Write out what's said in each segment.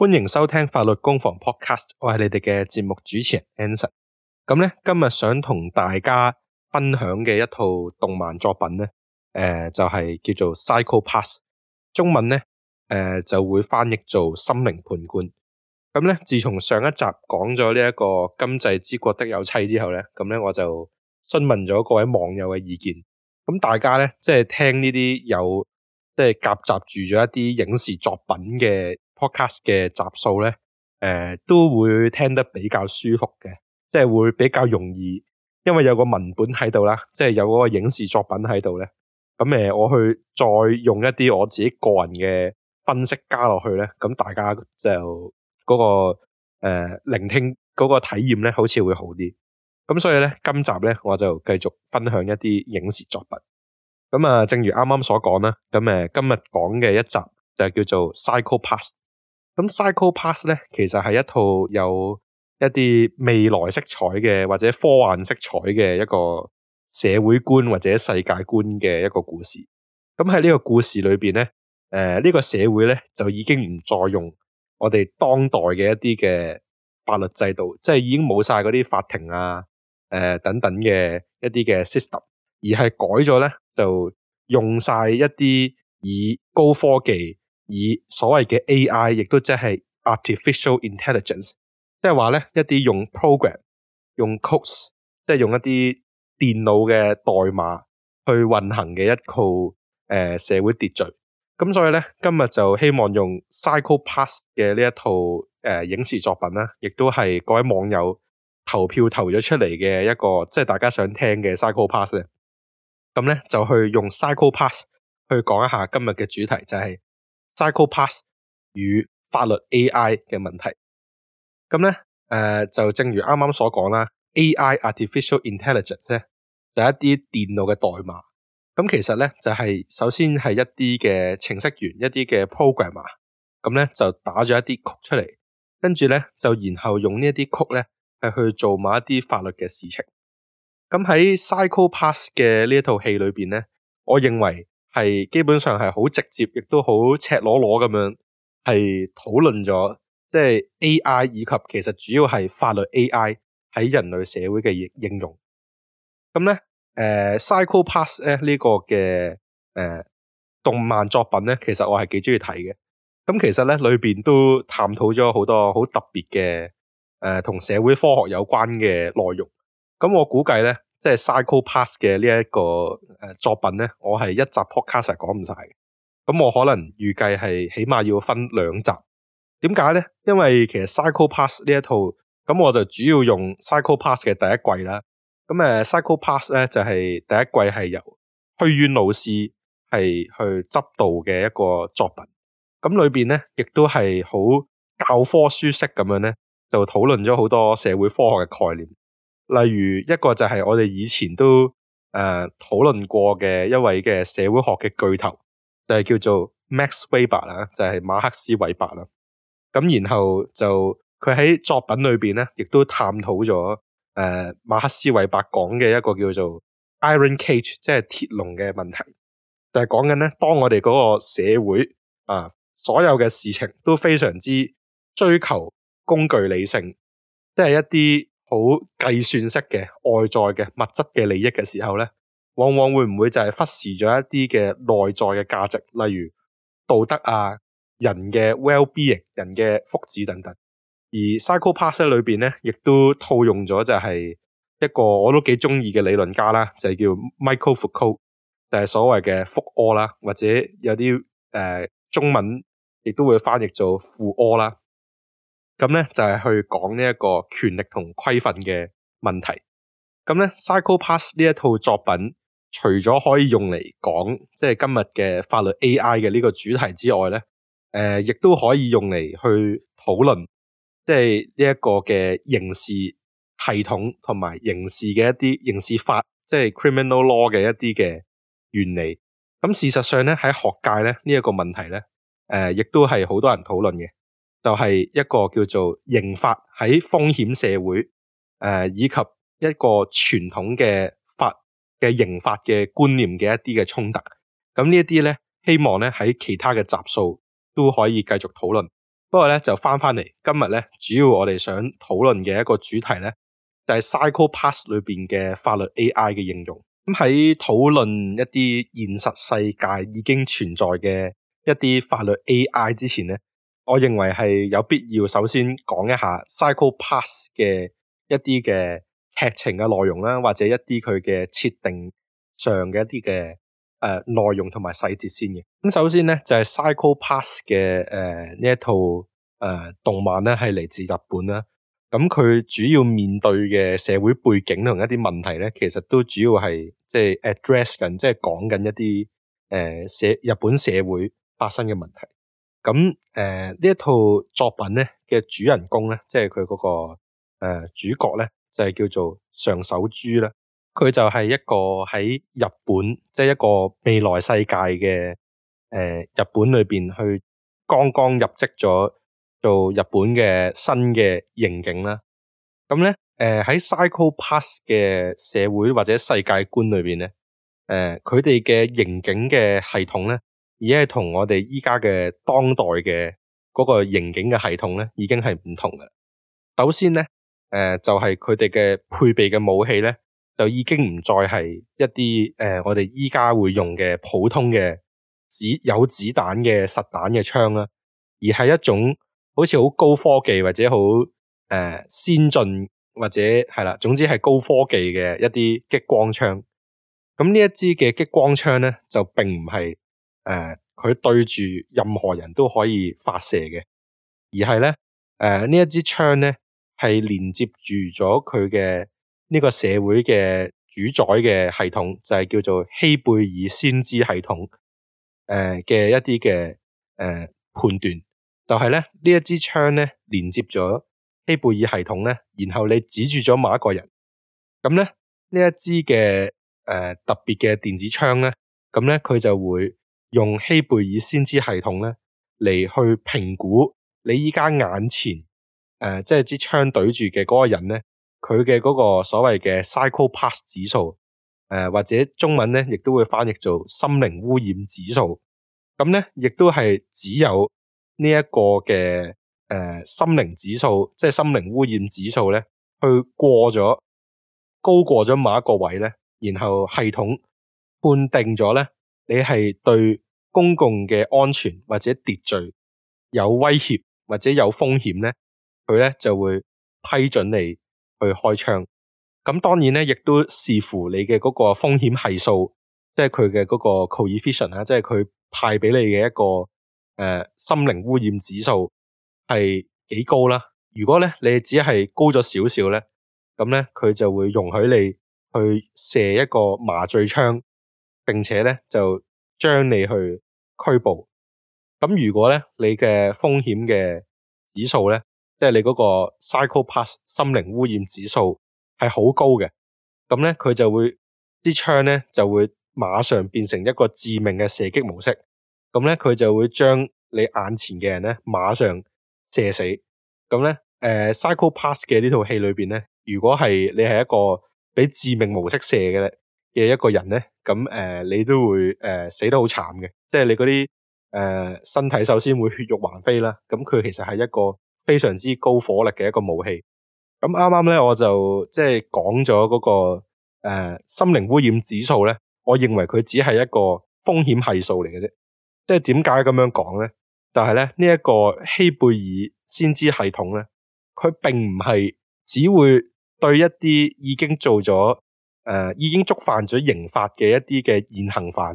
歡迎收聽法律攻防 podcast，我係你哋嘅節目主持人 Anson。咁咧，今日想同大家分享嘅一套動漫作品咧，誒、呃，就係、是、叫做《Psycho Pass》，中文咧，誒、呃，就會翻譯做《心靈判官》。咁咧，自從上一集講咗呢一個今際之國的有棲之後咧，咁咧我就詢問咗各位網友嘅意見。咁大家咧，即係聽呢啲有，即係夾雜住咗一啲影視作品嘅。podcast 嘅集數咧，誒、呃、都會聽得比較舒服嘅，即係會比較容易，因為有個文本喺度啦，即係有嗰個影視作品喺度咧，咁誒我去再用一啲我自己個人嘅分析加落去咧，咁大家就嗰、嗰個誒、呃、聆聽嗰個體驗咧，好似會好啲。咁所以咧，今集咧我就繼續分享一啲影視作品。咁啊，正如啱啱所講啦，咁誒、啊、今日講嘅一集就叫做《Psycho-Pass》。咁《Psycho-Pass》咧，其實係一套有一啲未來色彩嘅或者科幻色彩嘅一個社會觀或者世界觀嘅一個故事。咁喺呢個故事裏邊咧，誒、呃、呢、呢個社會咧就已經唔再用我哋當代嘅一啲嘅法律制度，即、就、係、係、已經冇晒嗰啲法庭啊，誒、呃、等等嘅一啲嘅 system，而係改咗咧就用晒一啲以高科技。以所謂嘅 AI，亦都即係 artificial intelligence，即係話咧一啲用 program、用 codes，即係用一啲電腦嘅代碼去運行嘅一套社會秩序。咁所以咧今日就希望用《Psycho Pass》嘅呢一套影視作品啦，亦都係各位網友投票投咗出嚟嘅一個即係大家想聽嘅《Psycho Pass》。咁咧就去用《Psycho Pass》去講一下今日嘅主題，就係。Psycho-Pass 與法律 AI 嘅問題，咁咧、呃、就正如啱啱所講啦，AI artificial intelligence 咧第、就係、一啲電腦嘅代碼，咁其實咧就係、是、首先係一啲嘅程式員一啲嘅 programmer，咁咧就打咗一啲 code 出嚟，跟住咧就然後用這些呢一啲 code 咧去做埋一啲法律嘅事情，咁喺 Psycho-Pass 嘅呢一套戲裏面咧，我認為。係基本上係好直接，亦都好赤裸裸咁樣，係討論咗即係 A I 以及其實主要係法律 A I 喺人類社會嘅應用呢。咁、呃、咧，誒，Psycho-Pass 咧呢、呢個嘅誒、呃、動漫作品咧，其實我係幾中意睇嘅。咁其實咧裏邊都探討咗好多好特別嘅誒同社會科學有關嘅內容。咁我估計咧。即係《Psycho-Pass》嘅呢一個誒作品咧，我係一集 podcast 係講唔晒嘅，咁我可能預計係起碼要分兩集。點解咧？因為其實《Psycho-Pass》呢一套，咁我就主要用《Psycho-Pass》嘅第一季啦。咁誒，《Psycho-Pass》咧就係第一季係由虛淵老師係去執導嘅一個作品。咁裏邊咧亦都係好教科書式咁樣咧，就討論咗好多社會科學嘅概念。例如一個就係我哋以前都誒討論過嘅一位嘅社會學嘅巨頭，就係、是、叫做 Max Weber 就係馬克思韋伯啦。咁然後就佢喺作品裏面咧，亦都探討咗誒馬克思韋伯講嘅一個叫做 Iron Cage，即係鐵籠嘅問題。就係講緊咧，當我哋嗰個社會啊，所有嘅事情都非常之追求工具理性，即、就、係、是、一啲。好計算式嘅外在嘅物質嘅利益嘅時候咧，往往會唔會就係忽視咗一啲嘅內在嘅價值，例如道德啊、人嘅 well-being、人嘅福祉等等。而 psychopath 裏邊咧，亦都套用咗就係一個我都幾中意嘅理論家啦，就係、是、叫 Michael Foucault，就係所謂嘅福柯啦，或者有啲誒、呃、中文亦都會翻譯做傅柯啦。咁咧就係去講呢一個權力同規訓嘅問題。咁咧《Psycho-Pass》呢一套作品，除咗可以用嚟講即係今日嘅法律 AI 嘅呢個主題之外咧，誒、呃，亦都可以用嚟去討論即係呢一個嘅刑事系統同埋刑事嘅一啲刑事法，即係 criminal law 嘅一啲嘅原理。咁事實上咧喺學界咧呢一個問題咧，誒、呃，亦都係好多人討論嘅。就係一個叫做刑法喺風險社會，誒以及一個傳統嘅法嘅刑法嘅觀念嘅一啲嘅衝突，咁呢一啲咧，希望咧喺其他嘅集數都可以繼續討論。不過咧就返返嚟，今日咧主要我哋想討論嘅一個主題咧，就係 Psycho-Pass 裏邊嘅法律 AI 嘅應用。咁喺討論一啲現實世界已經存在嘅一啲法律 AI 之前咧。我認為係有必要首先講一下《Psycho Pass》嘅一啲嘅劇情嘅內容啦，或者一啲佢嘅設定上嘅一啲嘅誒內容同埋細節先嘅。咁首先咧就係、是《Psycho、呃、Pass》嘅誒呢一套誒、呃、動漫咧係嚟自日本啦。咁佢主要面對嘅社會背景同一啲問題咧，其實都主要係即係 address 緊，即係講緊一啲誒社日本社會發生嘅問題。咁誒，呢、呃、一套作品咧嘅主人公咧，即係佢嗰個誒、呃、主角咧，就係、是、叫做常守朱啦。佢就係一個喺日本，即、就、係、是、一個未來世界嘅誒、呃、日本裏邊去剛剛入職咗做日本嘅新嘅刑警啦。咁咧，誒、呃、喺 Psycho-Pass 嘅社會或者世界觀裏邊咧，誒佢哋嘅刑警嘅系統咧。而係同我哋依家嘅當代嘅嗰個刑警嘅系統咧，已經係唔同嘅。首先咧，誒、呃、就係佢哋嘅配備嘅武器咧，就已經唔再係一啲誒、呃、我哋依家會用嘅普通嘅子有子彈嘅實彈嘅槍啦，而係一種好似好高科技或者好誒、呃、先進或者係啦，總之係高科技嘅一啲激光槍。咁呢一支嘅激光槍咧，就並唔係。誒、呃，佢對住任何人都可以發射嘅，而係咧，誒呢一支槍咧係連接住咗佢嘅呢個社會嘅主宰嘅系統，就係、是、叫做希貝爾先知系統，誒、呃、嘅一啲嘅誒判斷，就係、是、咧呢一支槍咧連接咗希貝爾系統咧，然後你指住咗某一個人，咁、嗯、咧呢一支嘅誒、呃、特別嘅電子槍咧，咁咧佢就會。用希貝爾先知系統咧嚟去評估你依家眼前誒、呃，即係支槍對住嘅嗰個人咧，佢嘅嗰個所謂嘅 Psycho-Pass 指數誒、呃，或者中文咧亦都會翻譯做心靈污染指數。咁咧亦都係只有呢一個嘅誒、呃、心靈指數，即係心靈污染指數咧，去過咗高過咗某一個位咧，然後系統判定咗咧。你係對公共嘅安全或者秩序有威脅或者有風險咧，佢咧就會批准你去開槍。咁當然咧，亦都視乎你嘅嗰個風險係數，即係佢嘅嗰個 Coefficient 啦，即係佢派俾你嘅一個誒、呃、心靈污染指數係幾高啦。如果咧你只係高咗少少咧，咁咧佢就會容許你去射一個麻醉槍。並且咧就將你去拘捕。咁如果咧你嘅風險嘅指數咧，即係你嗰個 Psycho Pass 心靈污染指數係好高嘅，咁咧佢就會啲槍咧就會馬上變成一個致命嘅射擊模式。咁咧佢就會將你眼前嘅人咧馬上射死。咁咧誒 Psycho Pass 嘅呢套戲裏邊咧，如果係你係一個俾致命模式射嘅嘅一個人咧。咁誒、呃，你都會誒、呃、死得好慘嘅，即係你嗰啲誒身體首先會血肉橫飛啦。咁佢其實係一個非常之高火力嘅一個武器。咁啱啱咧，我就即係講咗嗰個誒、呃、心靈污染指數咧，我認為佢只係一個風險係數嚟嘅啫。即係點解咁樣講咧？就係、是、咧呢一、這個希貝爾先知系統咧，佢並唔係只會對一啲已經做咗。誒、呃，已經觸犯咗刑法嘅一啲嘅現行犯，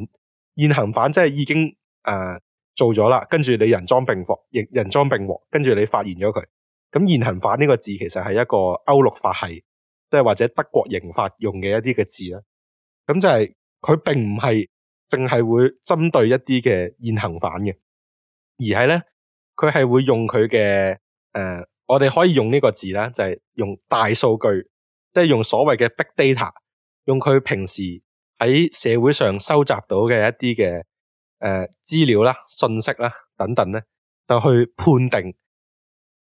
現行犯即係已經誒、呃、做咗啦，跟住你人贓並獲，人人贓並獲，跟住你發現咗佢。咁現行犯呢個字其實係一個歐陸法系，即係或者德國刑法用嘅一啲嘅字啦。咁就係佢並唔係淨係會針對一啲嘅現行犯嘅，而係咧佢係會用佢嘅誒，我哋可以用呢個字啦，就係、是、用大數據，即係用所謂嘅 big data，用佢平時喺社會上收集到嘅一啲嘅誒資料啦、信息啦等等咧，就去判定：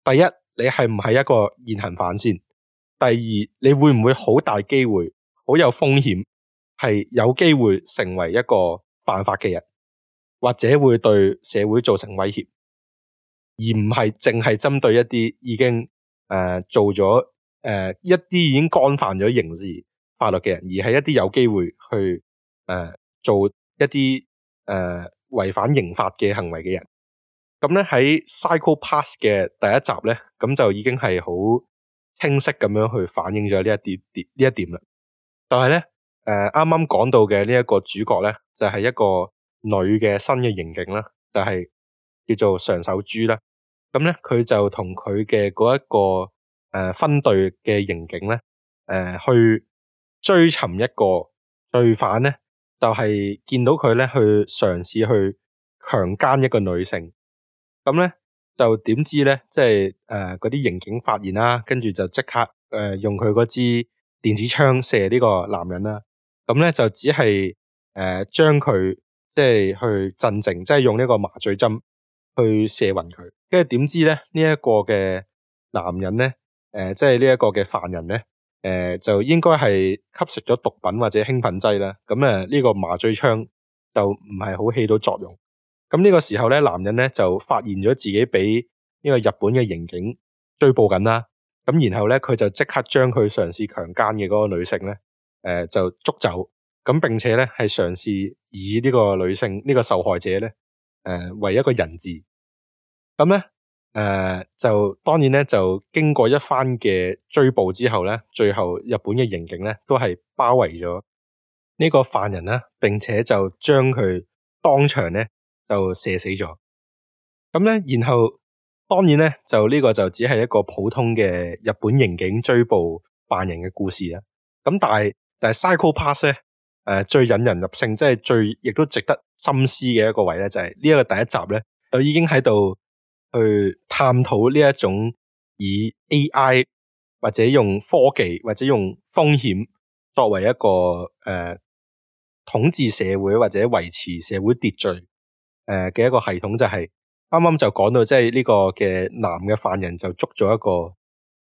第一，你係唔係一個現行犯先；第二，你會唔會好大機會、好有風險，係有機會成為一個犯法嘅人，或者會對社會造成威脅，而唔係淨係針對一啲已經誒、呃、做咗誒、呃、一啲已經干犯咗刑事法律嘅人，而係一啲有機會去，誒、呃、做一啲誒違反刑法嘅行為嘅人。咁咧喺《Psycho-Pass》嘅第一集咧，咁就已經係好清晰咁樣去反映咗呢一啲呢一點啦。但係咧，誒啱啱講到嘅呢一個主角咧，就係、是、一個女嘅新嘅刑警啦，就係、是、叫做常守朱啦。咁咧佢就同佢嘅嗰一個，誒分隊嘅刑警咧，誒、呃、去。追尋一個罪犯咧，就係、是、見到佢咧去嘗試去強姦一個女性，咁咧就點知咧，即係誒嗰啲刑警發現啦，跟住就即刻誒、呃、用佢嗰支電子槍射呢個男人啦，咁咧就只係誒、呃、將佢即係去鎮靜，即係用呢個麻醉針去射暈佢，跟住點知咧呢一個嘅男人咧，誒、呃、即係呢一個嘅犯人咧。誒、呃，就應該係吸食咗毒品或者興奮劑啦。咁呢個麻醉槍就唔係好起到作用。咁呢個時候咧，男人咧就發現咗自己俾呢個日本嘅刑警追捕緊啦。咁然後咧，佢就即刻將佢嘗試強姦嘅嗰個女性咧，誒、呃、就捉走。咁並且咧係嘗試以呢個女性呢、呢個受害者咧，誒、呃、為一個人質。咁咧，誒、呃，就當然咧，就經過一番嘅追捕之後咧，最後日本嘅刑警咧，都係包圍咗呢個犯人啦，並且就將佢當場咧就射死咗。咁、嗯、咧，然後當然咧，就呢、這個就只係一個普通嘅日本刑警追捕犯人嘅故事啦。咁、嗯、但係就係、是、Psycho-Pass 咧，誒、呃，最引人入勝，即、就、係、是、最亦都值得深思嘅一個位咧，就係呢一個第一集咧就已經喺度。去探討呢一種以 AI 或者用科技或者用風險作為一個誒、呃、統治社會或者維持社會秩序誒嘅、呃、一個系統、就是，剛剛就係啱啱就講到，即係呢個嘅男嘅犯人就捉咗一個誒、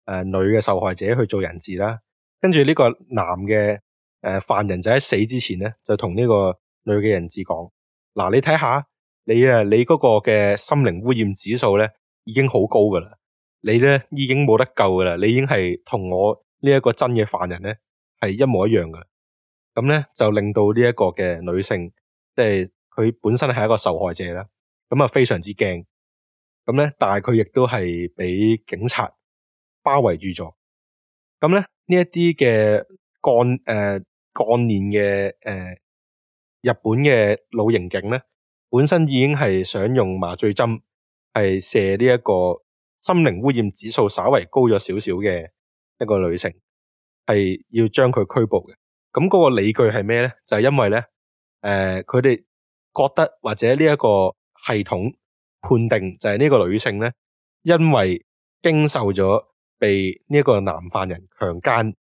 呃、女嘅受害者去做人質啦。跟住呢個男嘅誒、呃、犯人就喺死之前咧，就同呢個女嘅人質講：「嗱，你睇下。你啊，你嗰個嘅心靈污染指數咧，已經好高噶啦。你咧已經冇得救噶啦，你已經係同我呢一個真嘅犯人咧，係一模一樣噶。咁咧就令到呢一個嘅女性，即係佢本身係一個受害者啦。咁啊非常之驚。咁咧，但係佢亦都係俾警察包圍住咗。咁咧呢一啲嘅幹誒、呃、幹練嘅誒日本嘅老刑警咧。本身已經係想用麻醉針，係射呢一個心靈污染指數稍為高咗少少嘅一個女性，係要將佢拘捕嘅。咁嗰個理據係咩咧？就係因為咧，誒佢哋覺得或者呢一個系統判定就係呢個女性咧，因為經受咗被呢一個男犯人強姦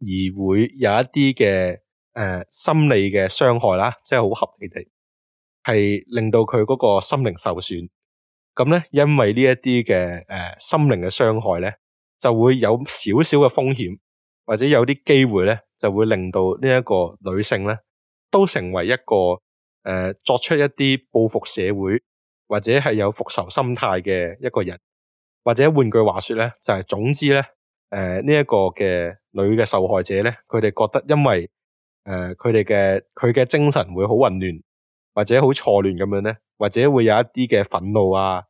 而會有一啲嘅誒心理嘅傷害啦，即係好合理地。係令到佢嗰個心靈受損，咁咧，因為呢一啲嘅誒心靈嘅傷害咧，就會有少少嘅風險，或者有啲機會咧，就會令到呢一個女性咧，都成為一個誒、呃、作出一啲報復社會或者係有復仇心態嘅一個人，或者換句話說咧，就係、是、總之咧，誒呢一個嘅女嘅受害者咧，佢哋覺得因為誒佢哋嘅佢嘅精神會好混亂。或者好錯亂咁樣咧，或者會有一啲嘅憤怒啊、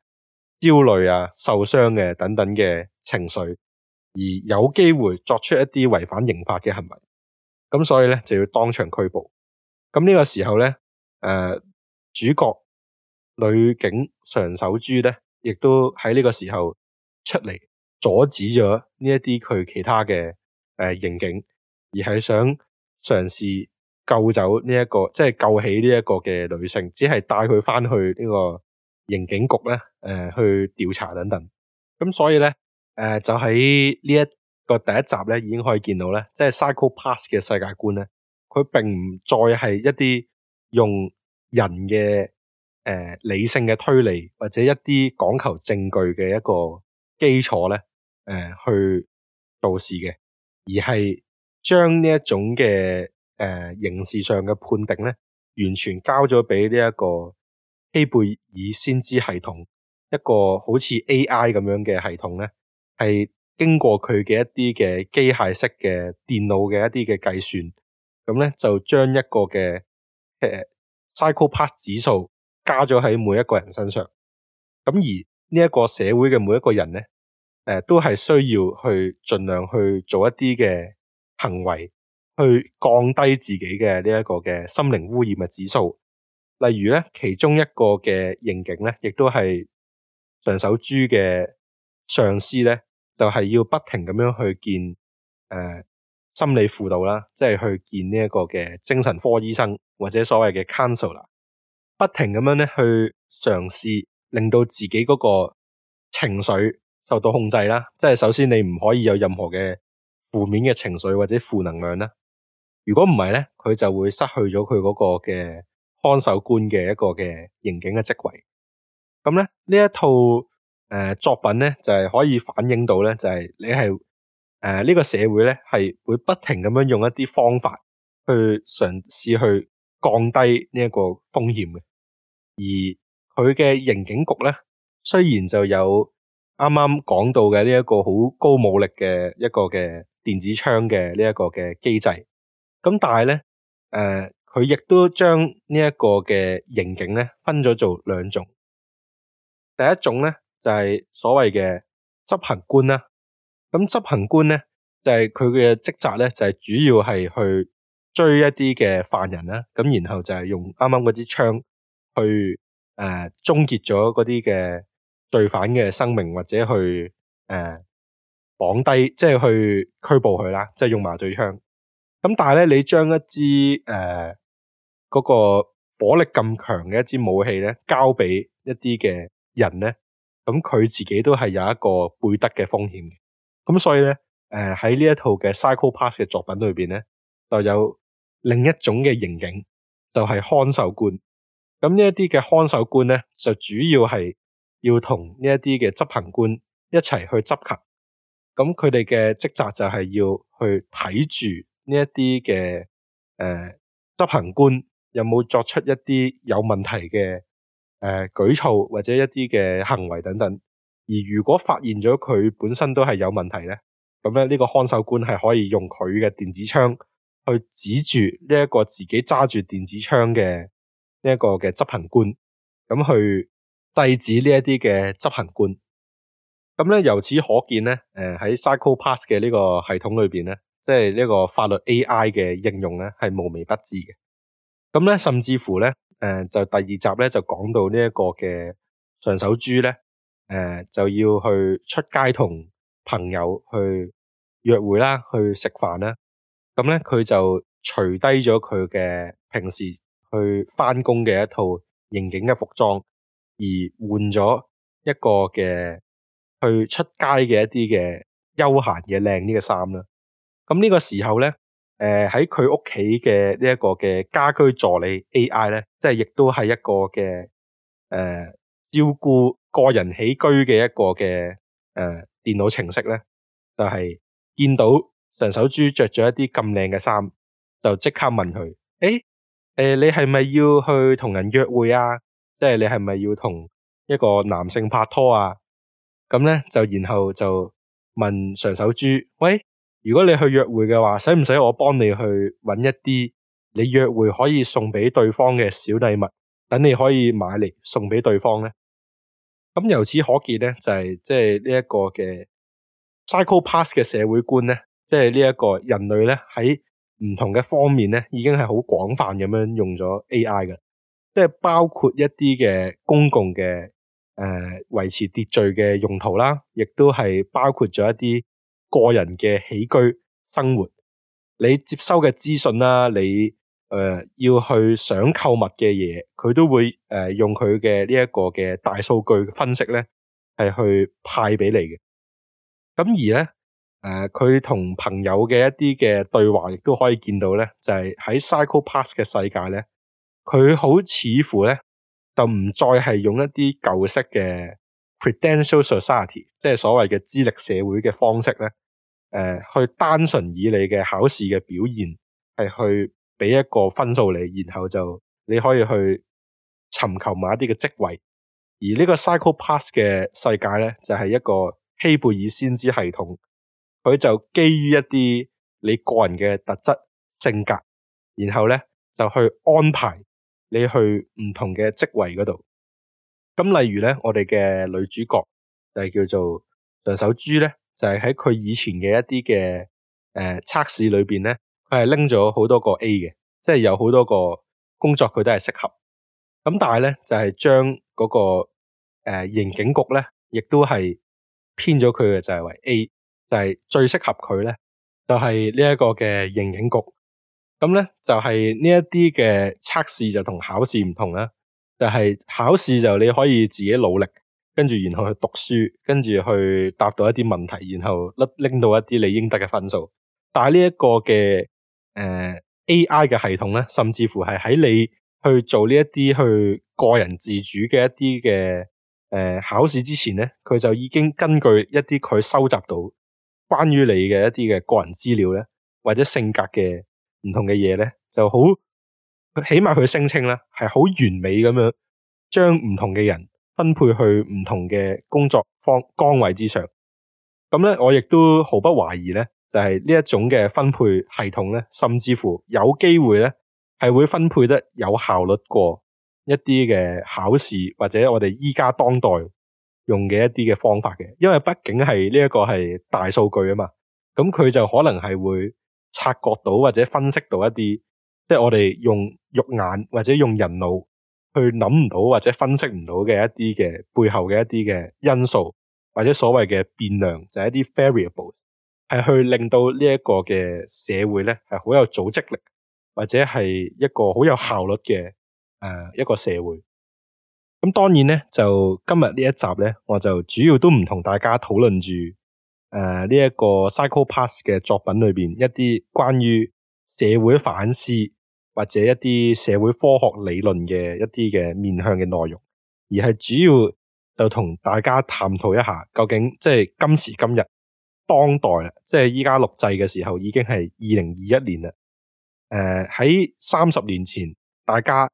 焦慮啊、受傷嘅等等嘅情緒，而有機會作出一啲違反刑法嘅行為。咁所以咧就要當場拘捕。咁呢個時候咧，誒、呃、主角女警常守朱咧，亦都喺呢個時候出嚟阻止咗呢一啲佢其他嘅誒、呃、刑警，而係想嘗試。救走呢、這、一個，即係救起呢一個嘅女性，只係帶佢翻去呢個刑警局咧，誒、呃、去調查等等。咁所以咧，誒、呃、就喺呢一個第一集咧，已經可以見到咧，即係《Psycho-Pass》嘅世界觀咧，佢並唔再係一啲用人嘅誒、呃、理性嘅推理或者一啲講求證據嘅一個基礎咧，誒、呃、去做事嘅，而係將呢一種嘅。誒、呃，刑事上嘅判定咧，完全交咗俾呢一個希貝爾先知系統，一個好似 A.I. 咁樣嘅系統咧，係經過佢嘅一啲嘅機械式嘅電腦嘅一啲嘅計算，咁、嗯、咧就將一個嘅誒 Psycho-Pass 指數加咗喺每一個人身上，咁、嗯、而呢一個社會嘅每一個人咧，誒、呃、都係需要去盡量去做一啲嘅行為。去降低自己嘅呢一個嘅心靈污染嘅指數，例如咧，其中一個嘅刑警咧，亦都係上手豬嘅上司咧，就係、是、要不停咁樣去見誒、呃、心理輔導啦，即係去見呢一個嘅精神科醫生或者所謂嘅 counselor 啦，不停咁樣咧去嘗試令到自己嗰個情緒受到控制啦，即係首先你唔可以有任何嘅負面嘅情緒或者負能量啦。如果唔係咧，佢就會失去咗佢嗰個嘅看守官嘅一個嘅刑警嘅職位呢。咁咧呢一套誒、呃、作品咧就係、是、可以反映到咧就係、是、你係誒呢個社會咧係會不停咁樣用一啲方法去嘗試去降低呢一個風險嘅。而佢嘅刑警局咧雖然就有啱啱講到嘅呢一個好高武力嘅一個嘅電子槍嘅呢一個嘅機制。咁但係咧，誒、呃，佢亦都將呢一個嘅刑警咧分咗做兩種。第一種咧就係、是、所謂嘅執行官啦。咁執行官咧就係佢嘅職責咧就係、是、主要係去追一啲嘅犯人啦。咁然後就係用啱啱嗰支槍去誒、呃、終結咗嗰啲嘅罪犯嘅生命，或者去誒、呃、綁低，即、就、係、是、去拘捕佢啦，即、就、係、是、用麻醉槍。咁但係咧，你將一支誒嗰、呃那個火力咁強嘅一支武器咧，交俾一啲嘅人咧，咁佢自己都係有一個背德嘅風險嘅。咁所以咧，誒喺呢一套嘅 Psycho-Pass 嘅作品裏邊咧，就有另一種嘅刑警，就係、是、看守官。咁呢一啲嘅看守官咧，就主要係要同呢一啲嘅執行官一齊去執行。咁佢哋嘅職責就係要去睇住。呢一啲嘅誒執行官有冇作出一啲有問題嘅誒、呃、舉措或者一啲嘅行為等等？而如果發現咗佢本身都係有問題咧，咁咧呢個看守官係可以用佢嘅電子槍去指住呢一個自己揸住電子槍嘅呢一個嘅執行官，咁去制止呢一啲嘅執行官呢。咁咧由此可見咧，誒、呃、喺 Psycho-Pass 嘅呢個系統裏邊咧。即係呢個法律 AI 嘅應用咧，係無微不至嘅。咁咧，甚至乎咧，誒、呃，就第二集咧，就講到呢一個嘅常守朱咧，誒、呃，就要去出街同朋友去約會啦，去食飯啦。咁咧，佢就除低咗佢嘅平時去返工嘅一套刑警嘅服裝，而換咗一個嘅去出街嘅一啲嘅休閒嘅靚呢個衫啦。咁、這、呢個時候咧，誒喺佢屋企嘅呢一個嘅家居助理 AI 咧，即係亦都係一個嘅誒、呃、照顧個人起居嘅一個嘅誒、呃、電腦程式咧，就係、是、見到常守朱着咗一啲咁靚嘅衫，就即刻問佢，誒誒、呃，你係咪要去同人約會啊？即係你係咪要同一個男性拍拖啊？咁咧就然後就問常守朱，喂？如果你去約會嘅話，使唔使我幫你去搵一啲你約會可以送俾對方嘅小禮物，等你可以買嚟送俾對方咧？咁、嗯、由此可見咧，就係、是、即係呢一個嘅 Psycho-Pass 嘅社會觀咧，即係呢一個人類咧喺唔同嘅方面咧，已經係好廣泛咁樣用咗 AI 嘅，即係包括一啲嘅公共嘅誒、呃、維持秩序嘅用途啦，亦都係包括咗一啲。個人嘅起居生活，你接收嘅資訊啦，你誒、呃、要去想購物嘅嘢，佢都會誒、呃、用佢嘅呢一個嘅大數據分析咧，係去派俾你嘅。咁而咧，誒佢同朋友嘅一啲嘅對話，亦都可以見到咧，就係、是、喺 Psycho-Pass 嘅世界咧，佢好似乎咧就唔再係用一啲舊式嘅。Credential society 即係所謂嘅資歷社會嘅方式咧，誒、呃、去單純以你嘅考試嘅表現係去俾一個分數你，然後就你可以去尋求某一啲嘅職位。而呢個 Psycho-Pass 嘅世界咧，就係、是、一個希貝爾先知系統，佢就基於一啲你個人嘅特質性格，然後咧就去安排你去唔同嘅職位嗰度。咁例如咧，我哋嘅女主角就係叫做梁守珠咧，就係喺佢以前嘅一啲嘅、誒測試裏邊咧，佢係拎咗好多個 A 嘅，即係有好多個工作佢都係適合。咁但係咧就係將嗰個誒、呃、刑警局咧，亦都係編咗佢嘅就係、是、為 A，就係最適合佢咧，就係呢一個嘅刑警局。咁咧就係呢一啲嘅測試就考試同考試唔同啦。就係、是、考試就你可以自己努力，跟住然後去讀書，跟住去答到一啲問題，然後拎到一啲你應得嘅分數。但係呢一個嘅誒、呃、AI 嘅系統咧，甚至乎係喺你去做呢一啲去個人自主嘅一啲嘅誒考試之前咧，佢就已經根據一啲佢收集到關於你嘅一啲嘅個人資料咧，或者性格嘅唔同嘅嘢咧，就好。佢起碼佢聲稱咧係好完美咁樣，將唔同嘅人分配去唔同嘅工作方崗位之上。咁咧，我亦都毫不懷疑咧，就係呢一種嘅分配系統咧，甚至乎有機會咧係會分配得有效率過一啲嘅考試或者我哋依家當代用嘅一啲嘅方法嘅。因為畢竟係呢一個係大數據啊嘛，咁佢就可能係會察覺到或者分析到一啲。即係我哋用肉眼或者用人腦去諗唔到或者分析唔到嘅一啲嘅背後嘅一啲嘅因素或者所謂嘅變量，就係一啲 variables，係去令到呢一個嘅社會咧係好有組織力或者係一個好有效率嘅誒一個社會。咁當然咧，就今日呢一集咧，我就主要都唔同大家討論住誒呢一個 Psycho-Pass 嘅作品裏邊一啲關於社會反思，或者一啲社會科學理論嘅一啲嘅面向嘅內容，而係主要就同大家探討一下究竟，即係今時今日當代啦，即係依家錄製嘅時候已經係二零二一年啦。誒，喺三十年前大家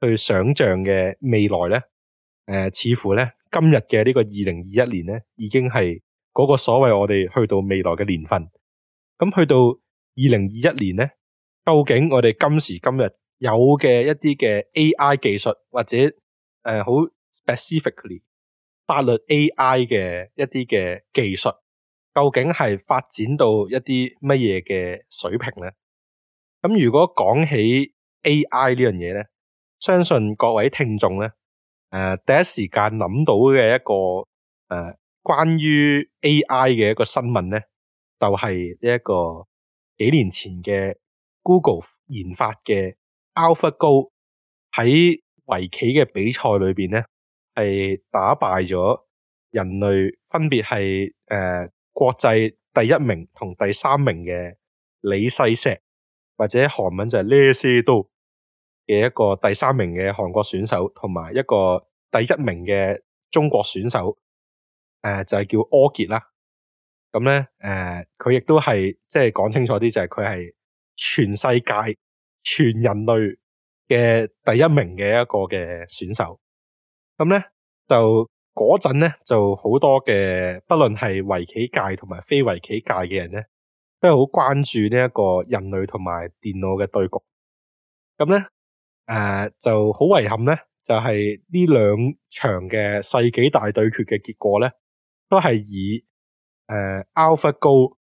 去想象嘅未來呢，誒，似乎呢今日嘅呢個二零二一年呢，已經係嗰個所謂我哋去到未來嘅年份。咁去到二零二一年呢。究竟我哋今時今日有嘅一啲嘅 AI 技術或者誒好、呃、specifically 法律 AI 嘅一啲嘅技術，究竟係發展到一啲乜嘢嘅水平咧？咁如果講起 AI 這件事呢樣嘢咧，相信各位聽眾咧誒、呃、第一時間諗到嘅一個誒、呃、關於 AI 嘅一個新聞咧，就係、是、呢一個幾年前嘅。Google 研發嘅 AlphaGo 喺圍棋嘅比賽裏邊咧，係打敗咗人類分別係誒、呃、國際第一名同第三名嘅李世石，或者韓文就係 Lee Sedol 嘅一個第三名嘅韓國選手，同埋一個第一名嘅中國選手，誒、呃、就係叫柯潔啦。咁咧誒，佢亦都係即係講清楚啲，就係佢係。全世界、全人類嘅第一名嘅一個嘅選手噉呢，咁咧就嗰陣咧就好多嘅，不論係圍棋界同埋非圍棋界嘅人咧，都係好關注呢一個人類同埋電腦嘅對局噉呢。咁咧誒就好遺憾咧，就係呢兩、就是、場嘅世紀大對決嘅結果咧，都係以誒、呃、AlphaGo 誒、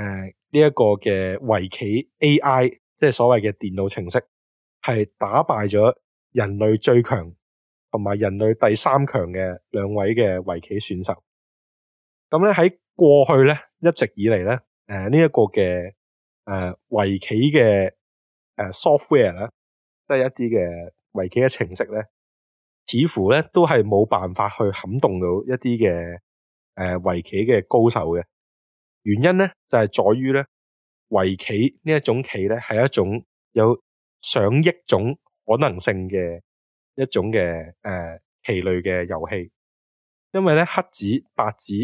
呃。呢、這、一個嘅圍棋 AI，即係所謂嘅電腦程式，係打敗咗人類最強同埋人類第三強嘅兩位嘅圍棋選手。咁咧喺過去咧一直以嚟咧，誒呢一個嘅誒、呃、圍棋嘅誒、呃、software 咧，即係一啲嘅圍棋嘅程式咧，似乎咧都係冇辦法去撼動到一啲嘅誒圍棋嘅高手嘅。原因咧就係、是、在於咧，圍棋呢一種棋咧係一種有上億種可能性嘅一種嘅誒、呃、棋類嘅遊戲。因為咧黑子白子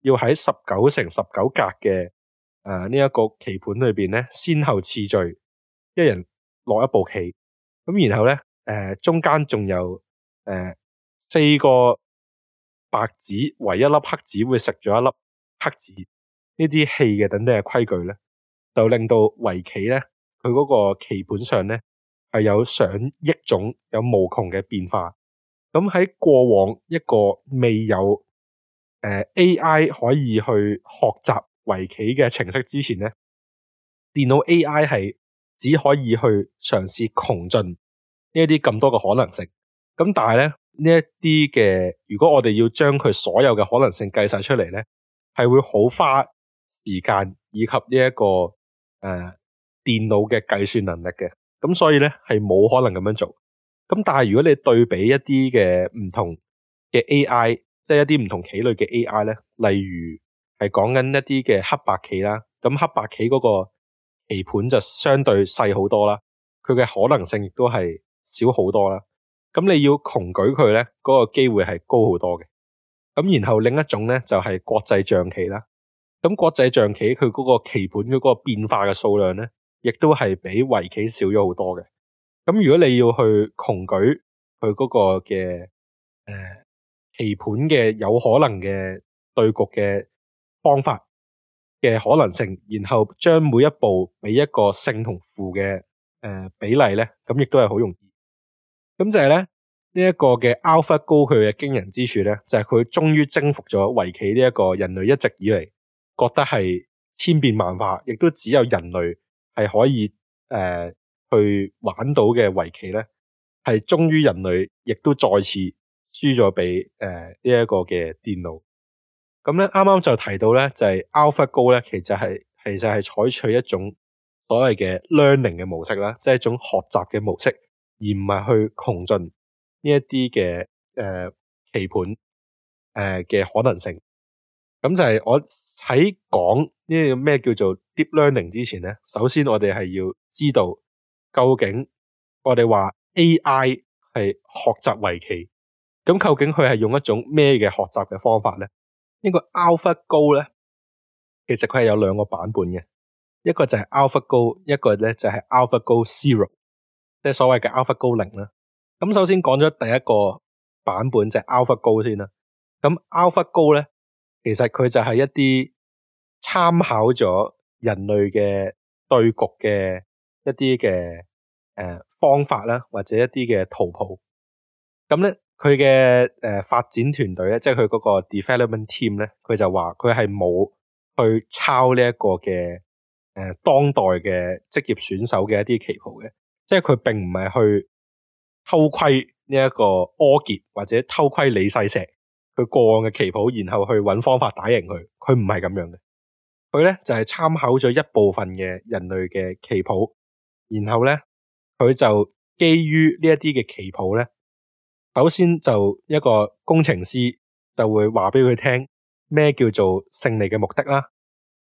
要喺十九乘十九格嘅誒呢一個棋盤裏邊咧先後次序一人落一部棋，咁然後咧誒、呃、中間仲有誒四、呃、個白子，為一粒黑子會食咗一粒黑子。呢啲戲嘅等等嘅規矩咧，就令到圍棋咧，佢嗰個棋盤上咧係有上億種，有無窮嘅變化。咁喺過往一個未有誒、呃、AI 可以去學習圍棋嘅程式之前咧，電腦 AI 係只可以去嘗試窮盡呢一啲咁多嘅可能性。咁但係咧呢一啲嘅，如果我哋要將佢所有嘅可能性計晒出嚟咧，係會好花。時間以及呢、這、一個誒、呃、電腦嘅計算能力嘅，咁所以咧係冇可能咁樣做。咁但係如果你對比一啲嘅唔同嘅 AI，即係一啲唔同棋類嘅 AI 咧，例如係講緊一啲嘅黑白棋啦，咁黑白棋嗰個棋盤就相對細好多啦，佢嘅可能性亦都係少好多啦。咁你要窮舉佢咧，嗰、那個機會係高好多嘅。咁然後另一種咧就係、是、國際象棋啦。咁國際象棋佢嗰個棋盤嗰個變化嘅數量咧，亦都係比圍棋少咗好多嘅。咁如果你要去窮舉佢嗰個嘅誒棋盤嘅有可能嘅對局嘅方法嘅可能性，然後將每一步俾一個勝同負嘅誒比例咧，咁亦都係好容易。咁就係咧呢一、這個嘅 Alpha Go 佢嘅驚人之處咧，就係、是、佢終於征服咗圍棋呢一個人類一直以嚟，覺得係千變萬化，亦都只有人類係可以誒、呃、去玩到嘅圍棋咧，係終於人類亦都再次輸咗俾誒呢一個嘅電腦。咁咧啱啱，就提到咧，就係、是、AlphaGo 咧，其實係其實係採取一種所謂嘅 learning 嘅模式啦，即、就、係、是、一種學習嘅模式，而唔係去窮盡呢一啲嘅誒棋盤誒嘅、呃、可能性。咁、嗯、就係、是、我。喺講呢個咩叫做 deep learning 之前咧，首先我哋係要知道究竟我哋話 AI 係學習圍棋，咁究竟佢係用一種咩嘅學習嘅方法咧？呢個 AlphaGo 咧，其實佢係有兩個版本嘅，一個就係 AlphaGo，一個咧就係 AlphaGo Zero，即係所謂嘅 AlphaGo 零啦。咁首先講咗第一個版本就係 AlphaGo 先啦。咁 AlphaGo 咧？其實佢就係一啲參考咗人類嘅對局嘅一啲嘅誒方法啦，或者一啲嘅圖譜。咁咧，佢嘅誒發展團隊咧，即係佢嗰個 development team 咧，佢就話佢係冇去抄呢一個嘅誒、呃、當代嘅職業選手嘅一啲棋譜嘅，即係佢並唔係去偷窺呢一個柯潔或者偷窺李世石。佢過往嘅棋譜，然後去揾方法打贏佢。佢唔係咁樣嘅，佢咧就係、是、參考咗一部分嘅人類嘅棋譜，然後咧佢就基於一呢一啲嘅棋譜咧，首先就一個工程師就會話俾佢聽咩叫做勝利嘅目的啦，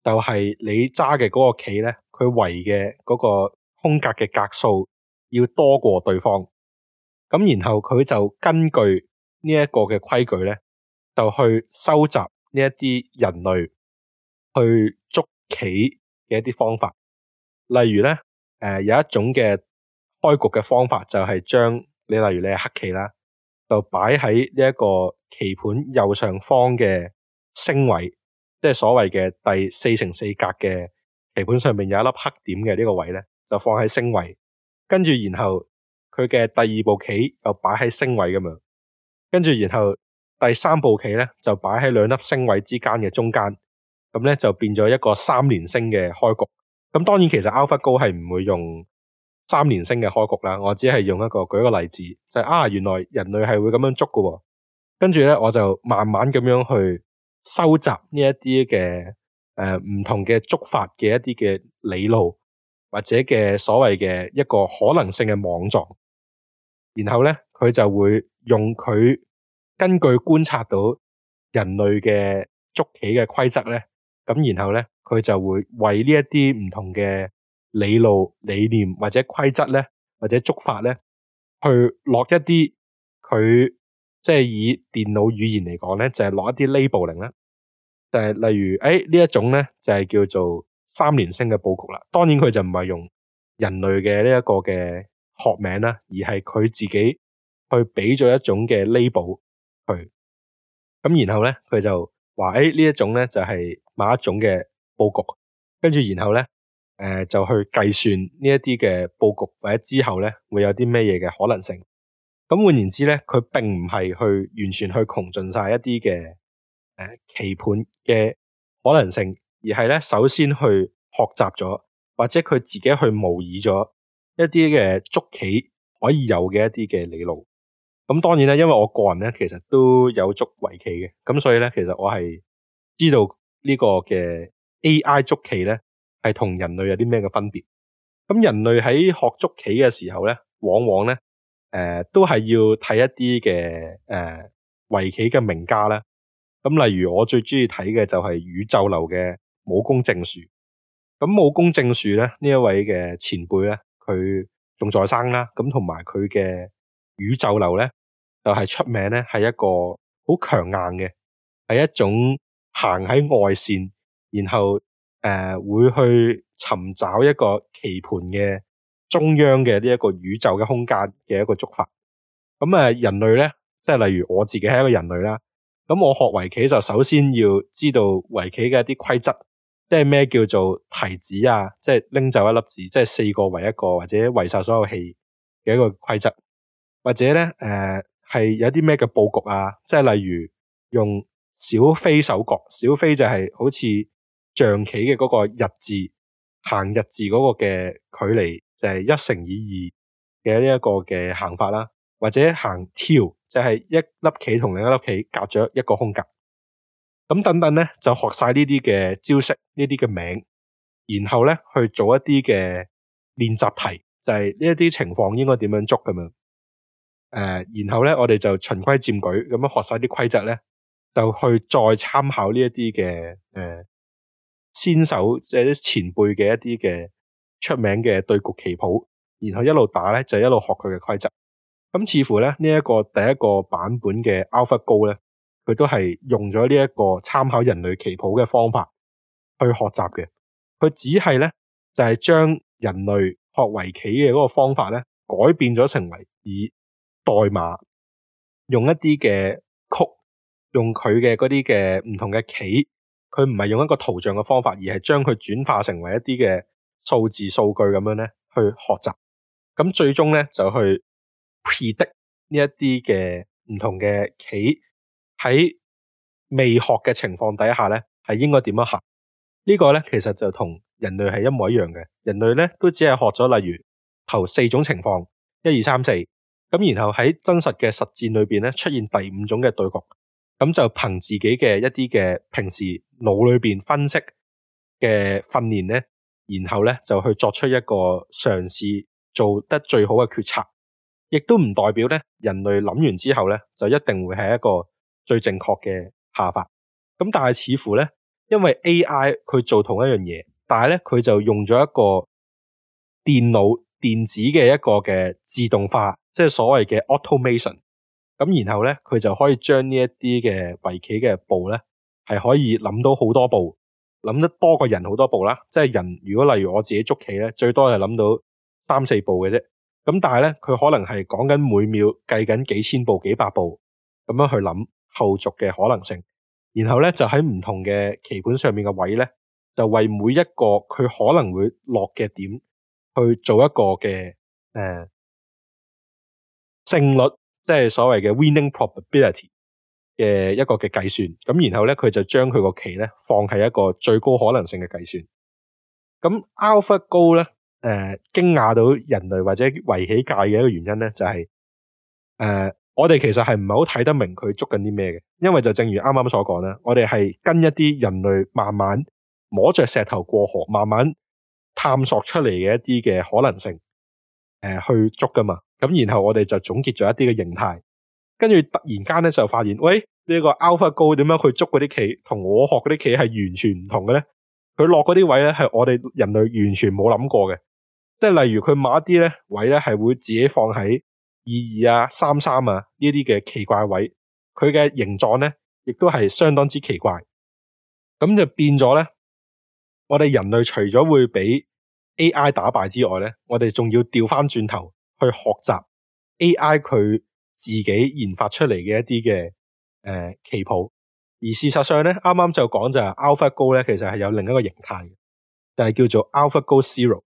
就係、是、你揸嘅嗰個棋咧，佢圍嘅嗰個空格嘅格數要多過對方。咁然後佢就根據呢一個嘅規矩咧。就去收集呢一啲人類去捉棋嘅一啲方法，例如呢、呃方法，例如咧，誒有一種嘅開局嘅方法就係將你例如你係黑棋啦，就擺喺呢一個棋盤右上方嘅星位，即係所謂嘅第四乘四格嘅棋盤上面有一粒黑點嘅呢個位咧，就放喺星位，跟住然後佢嘅第二步棋又擺喺星位咁樣，跟住然後。第三步棋咧，就擺喺兩粒星位之間嘅中間，咁咧就變咗一個三連星嘅開局。咁當然其實 AlphaGo 係唔會用三連星嘅開局啦，我只係用一個舉一個例子，就係啊原來人類係會咁樣捉㗎喎。跟住咧我就慢慢咁樣去收集呢一啲嘅誒唔同嘅捉法嘅一啲嘅理路或者嘅所謂嘅一個可能性嘅網狀，然後咧佢就會用佢。根據觀察到人類嘅捉棋嘅規則咧，咁然後咧佢就會為呢一啲唔同嘅理路、理念或者規則咧，或者捉法咧，去落一啲佢即係以電腦語言嚟講咧，就係落一啲 labeling 啦。但係例如，哎呢一種咧就係叫做三連星嘅佈局啦。當然佢就唔係用人類嘅呢一個嘅學名啦，而係佢自己去俾咗一種嘅 label。咁，然後咧，佢就話，誒呢一種咧就係某一種嘅佈局，跟住然後咧，誒、呃、就去計算呢一啲嘅布局或者之後咧會有啲咩嘢嘅可能性。咁換言之咧，佢並唔係去完全去窮盡晒一啲嘅誒棋盤嘅可能性，而係咧首先去學習咗或者佢自己去模擬咗一啲嘅捉棋可以有嘅一啲嘅理路。咁當然啦，因為我個人咧其實都有捉圍棋嘅，咁所以咧其實我係知道呢個嘅 AI 捉棋咧係同人類有啲咩嘅分別？咁人類喺學捉棋嘅時候咧，往往咧誒都係要睇一啲嘅誒圍棋嘅名家啦。咁例如我最中意睇嘅就係宇宙流嘅武宮正樹。咁武宮正樹咧呢一位嘅前輩咧，佢仲在生啦。咁同埋佢嘅宇宙流咧，就係、是、出名咧，係一個好強硬嘅，係一種行喺外綫，然後誒、呃、會去尋找一個棋盤嘅中央嘅呢一個宇宙嘅空間嘅一個出法咁啊、嗯呃，人類咧，即係例如我自己係一個人類啦。咁我學圍棋就首先要知道圍棋嘅一啲規則，即係咩叫做提子啊，即係拎走一粒子，即係四個圍一個或者圍晒所有氣嘅一個規則，或者咧誒。呃係有啲咩嘅布局啊？即係例如用小飛守角，小飛就係好似象棋嘅嗰個日字行日字嗰個嘅距離就係一乘以二嘅呢一個嘅行法啦，或者行跳就係一粒棋同另一粒棋隔咗一個空格咁等等咧，就學晒呢啲嘅招式，呢啲嘅名，然後咧去做一啲嘅練習題，就係呢一啲情況應該點樣捉咁樣。誒、呃，然後咧，我哋就循規蹈矩咁樣學晒啲規則咧，就去再參考呢一啲嘅誒先手，即係啲前輩嘅一啲嘅出名嘅對局棋譜，然後一路打咧就一路學佢嘅規則。咁、嗯、似乎咧呢一、這個第一個版本嘅 AlphaGo 咧，佢都係用咗呢一個參考人類棋譜嘅方法去學習嘅。佢只係咧就係、是、將人類學圍棋嘅嗰個方法咧改變咗成為以。代碼用一啲嘅曲，用佢嘅嗰啲嘅唔同嘅棋，佢唔係用一個圖像嘅方法，而係將佢轉化成為一啲嘅數字數據，咁樣咧去學習，咁最終咧就去 predict 呢一啲嘅唔同嘅棋，喺未學嘅情況底下咧，係應該點樣行？這個、呢個咧其實就同人類係一模一樣嘅，人類咧都只係學咗例如頭四種情況，一二三四。咁然後喺真實嘅實戰裏邊咧，出現第五種嘅對局，咁就憑自己嘅一啲嘅平時腦裏邊分析嘅訓練咧，然後咧就去作出一個嘗試做得最好嘅決策，亦都唔代表咧人類諗完之後咧就一定會係一個最正確嘅下法。咁但係似乎咧，因為 AI 佢做同一樣嘢，但係咧佢就用咗一個電腦電子嘅一個嘅自動化。即係所謂嘅 automation，咁然後咧，佢就可以將呢一啲嘅圍棋嘅步咧，係可以諗到好多步，諗得多過人好多步啦。即係人如果例如我自己捉棋咧，最多係諗到三四步嘅啫。咁但係咧，佢可能係講緊每秒計緊幾千步、幾百步咁樣去諗後續嘅可能性，然後咧就喺唔同嘅棋盤上面嘅位咧，就為每一個佢可能會落嘅點去做一個嘅誒。嗯勝率即係所謂嘅 winning probability 嘅一個嘅計算，咁然後咧，佢就將佢個棋咧放喺一個最高可能性嘅計算。咁 Alpha Go 咧，誒、呃、驚訝到人類或者圍棋界嘅一個原因咧，就係、是、誒、呃、我哋其實係唔係好睇得明佢捉緊啲咩嘅，因為就正如啱啱所講啦，我哋係跟一啲人類慢慢摸着石頭過河，慢慢探索出嚟嘅一啲嘅可能性，誒、呃、去捉噶嘛。咁然後我哋就總結咗一啲嘅形態，跟住突然間咧就發現，喂呢個 AlphaGo 點樣去捉嗰啲棋，同我學嗰啲棋係完全唔同嘅咧。佢落嗰啲位咧係我哋人類完全冇諗過嘅，即係例如佢某一啲咧位咧係會自己放喺二二啊、三三啊呢啲嘅奇怪位，佢嘅形狀咧亦都係相當之奇怪。咁就變咗咧，我哋人類除咗會俾 AI 打敗之外咧，我哋仲要掉翻轉頭，去學習 AI 佢自己研發出嚟嘅一啲嘅誒棋譜，而事實上咧，啱啱就講就係 AlphaGo 咧，其實係有另一個形態，就係叫做 AlphaGo Zero。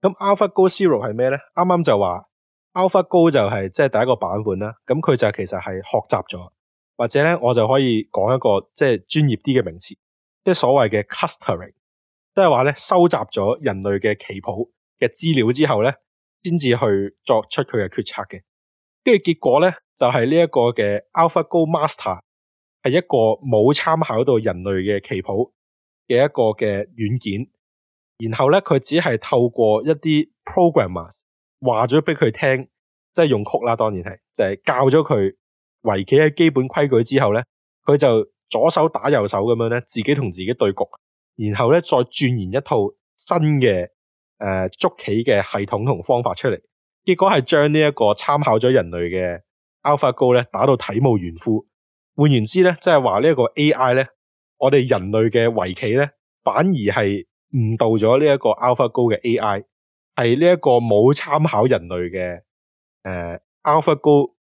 咁 AlphaGo Zero 係咩咧？啱啱就話 AlphaGo 就係即係第一個版本啦。咁佢就其實係學習咗，或者咧我就可以講一個即係專業啲嘅名詞，即係所謂嘅 clustering，即係話咧收集咗人類嘅棋譜嘅資料之後咧，先至去作出佢嘅決策嘅，跟住結果咧就係、是、呢一個嘅 AlphaGo Master 係一個冇參考到人類嘅棋譜嘅一個嘅軟件，然後咧佢只係透過一啲 programmer 話咗俾佢聽，即係用曲啦，當然係，就係、是、教咗佢圍棋嘅基本規矩之後咧，佢就左手打右手咁樣咧，自己同自己對局，然後咧再鑽研一套新嘅。誒，捉棋嘅系統同方法出嚟，結果係將呢一個參考咗人類嘅 AlphaGo 咧打到體無完膚。換言之咧，即係話呢一個 AI 咧，我哋人類嘅圍棋咧，反而係誤導咗呢一個 AlphaGo 嘅 AI，係呢一個冇參考人類嘅誒、呃、AlphaGo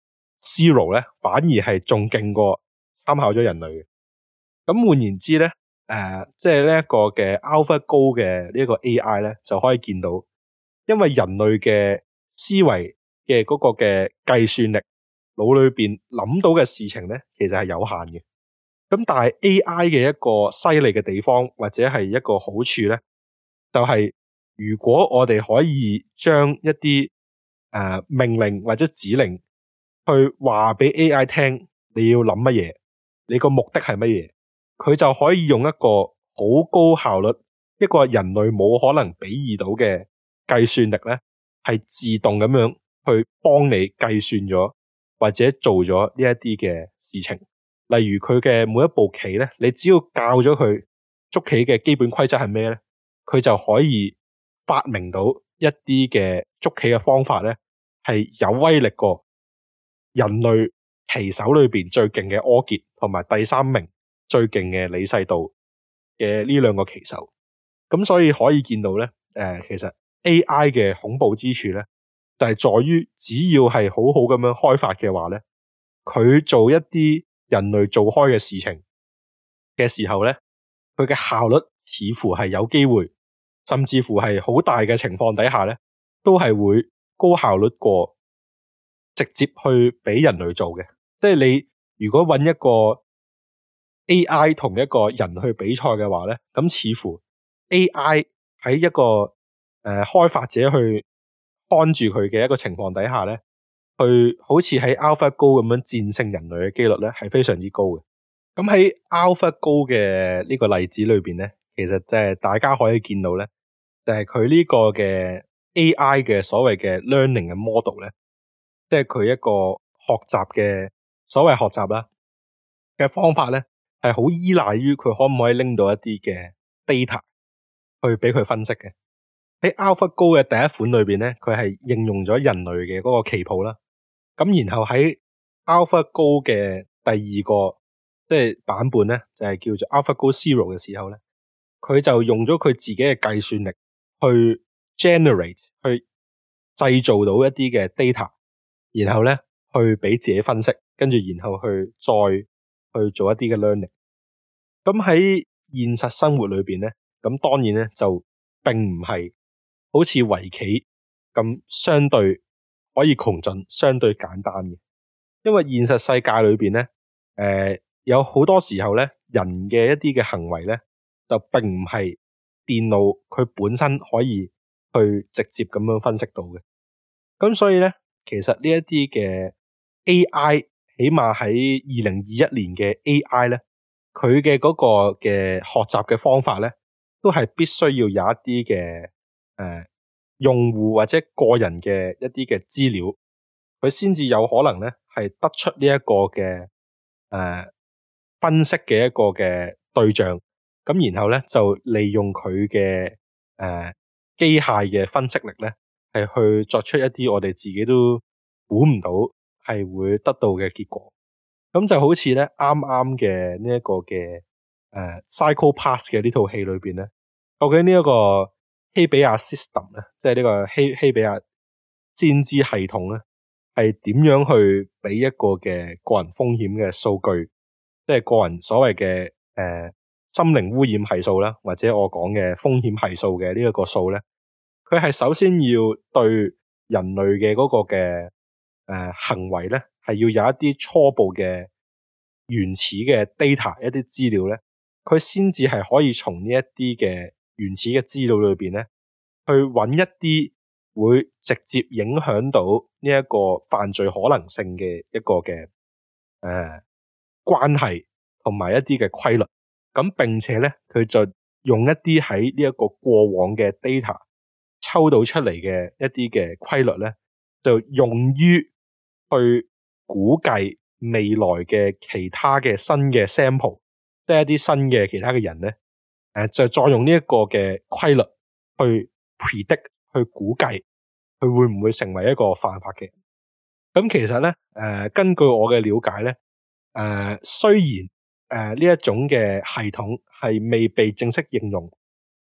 Zero 咧，反而係仲勁過參考咗人類嘅。咁換言之咧。誒、啊，即係呢一個嘅 Alpha Go 嘅呢一個 AI 咧，就可以見到，因為人類嘅思維嘅嗰個嘅計算力，腦裏邊諗到嘅事情咧，其實係有限嘅。咁但係 AI 嘅一個犀利嘅地方，或者係一個好處咧，就係、是、如果我哋可以將一啲誒、呃、命令或者指令去話俾 AI 聽，你要諗乜嘢，你個目的係乜嘢？佢就可以用一個好高效率，一個人類冇可能比擬到嘅計算力咧，係自動咁樣去幫你計算咗或者做咗呢一啲嘅事情。例如佢嘅每一步棋咧，你只要教咗佢捉棋嘅基本規則係咩咧，佢就可以發明到一啲嘅捉棋嘅方法咧，係有威力過人類棋手裏邊最勁嘅柯潔同埋第三名。最勁嘅李世乭嘅呢兩個棋手，咁所以可以見到咧，誒、呃，其實 A.I. 嘅恐怖之處咧，就係、是、在於只要係好好咁樣開發嘅話咧，佢做一啲人類做開嘅事情嘅時候咧，佢嘅效率似乎係有機會，甚至乎係好大嘅情況底下咧，都係會高效率過直接去俾人類做嘅。即係你如果搵一個。A.I. 同一個人去比賽嘅話咧，咁似乎 A.I. 喺一個誒、呃、開發者去看住佢嘅一個情況底下咧，去好似喺 AlphaGo 咁樣戰勝人類嘅幾率咧，係非常之高嘅。咁喺 AlphaGo 嘅呢個例子裏面咧，其實即係大家可以見到咧，就係、是、佢呢個嘅 A.I. 嘅所謂嘅 learning 嘅 model 咧，即係佢一個學習嘅所謂學習啦嘅方法咧。係好依賴於佢可唔可以拎到一啲嘅 data 去俾佢分析嘅。喺 AlphaGo 嘅第一款裏邊咧，佢係應用咗人類嘅嗰個棋譜啦。咁然後喺 AlphaGo 嘅第二個即係版本咧，就係叫做 AlphaGo Zero 嘅時候咧，佢就用咗佢自己嘅計算力去 generate 去製造到一啲嘅 data，然後咧去俾自己分析，跟住然後去再去做一啲嘅 learning。咁喺現實生活裏邊咧，咁當然咧就並唔係好似圍棋咁相對可以窮盡、相對簡單嘅，因為現實世界裏邊咧，誒、呃、有好多時候咧人嘅一啲嘅行為咧，就並唔係電腦佢本身可以去直接咁樣分析到嘅。咁所以咧，其實呢一啲嘅 AI 起碼喺二零二一年嘅 AI 咧，佢嘅嗰個嘅學習嘅方法咧，都係必須要有一啲嘅誒用戶或者個人嘅一啲嘅資料，佢先至有可能咧係得出呢、呃、一個嘅誒分析嘅一個嘅對象，咁然後咧就利用佢嘅誒機械嘅分析力咧，係去作出一啲我哋自己都估唔到係會得到嘅結果。咁就好似咧啱啱嘅呢一個嘅誒《Psycho-Pass》嘅呢套戲裏邊咧，究竟呢一個希比亞系統咧，即係呢個希希比亞戰知系統咧，係點樣去俾一個嘅個人風險嘅數據，即、就、係、是、個人所謂嘅誒、呃、心靈污染係數啦，或者我講嘅風險係數嘅呢一個數咧，佢係首先要對人類嘅嗰個嘅誒、呃、行為咧。係要有一啲初步嘅原始嘅 data，一啲資料咧，佢先至係可以從呢一啲嘅原始嘅資料裏面咧，去揾一啲會直接影響到呢一個犯罪可能性嘅一個嘅誒、啊、關係同埋一啲嘅規律。咁並且咧，佢就用一啲喺呢一個過往嘅 data 抽到出嚟嘅一啲嘅規律咧，就用於去。估計未來嘅其他嘅新嘅 sample，即係一啲新嘅其他嘅人咧，誒，就再用呢一個嘅規律去 predict，去估計佢會唔會成為一個犯法嘅？咁其實咧，誒、呃，根據我嘅了解咧，誒、呃，雖然誒呢一種嘅系統係未被正式應用，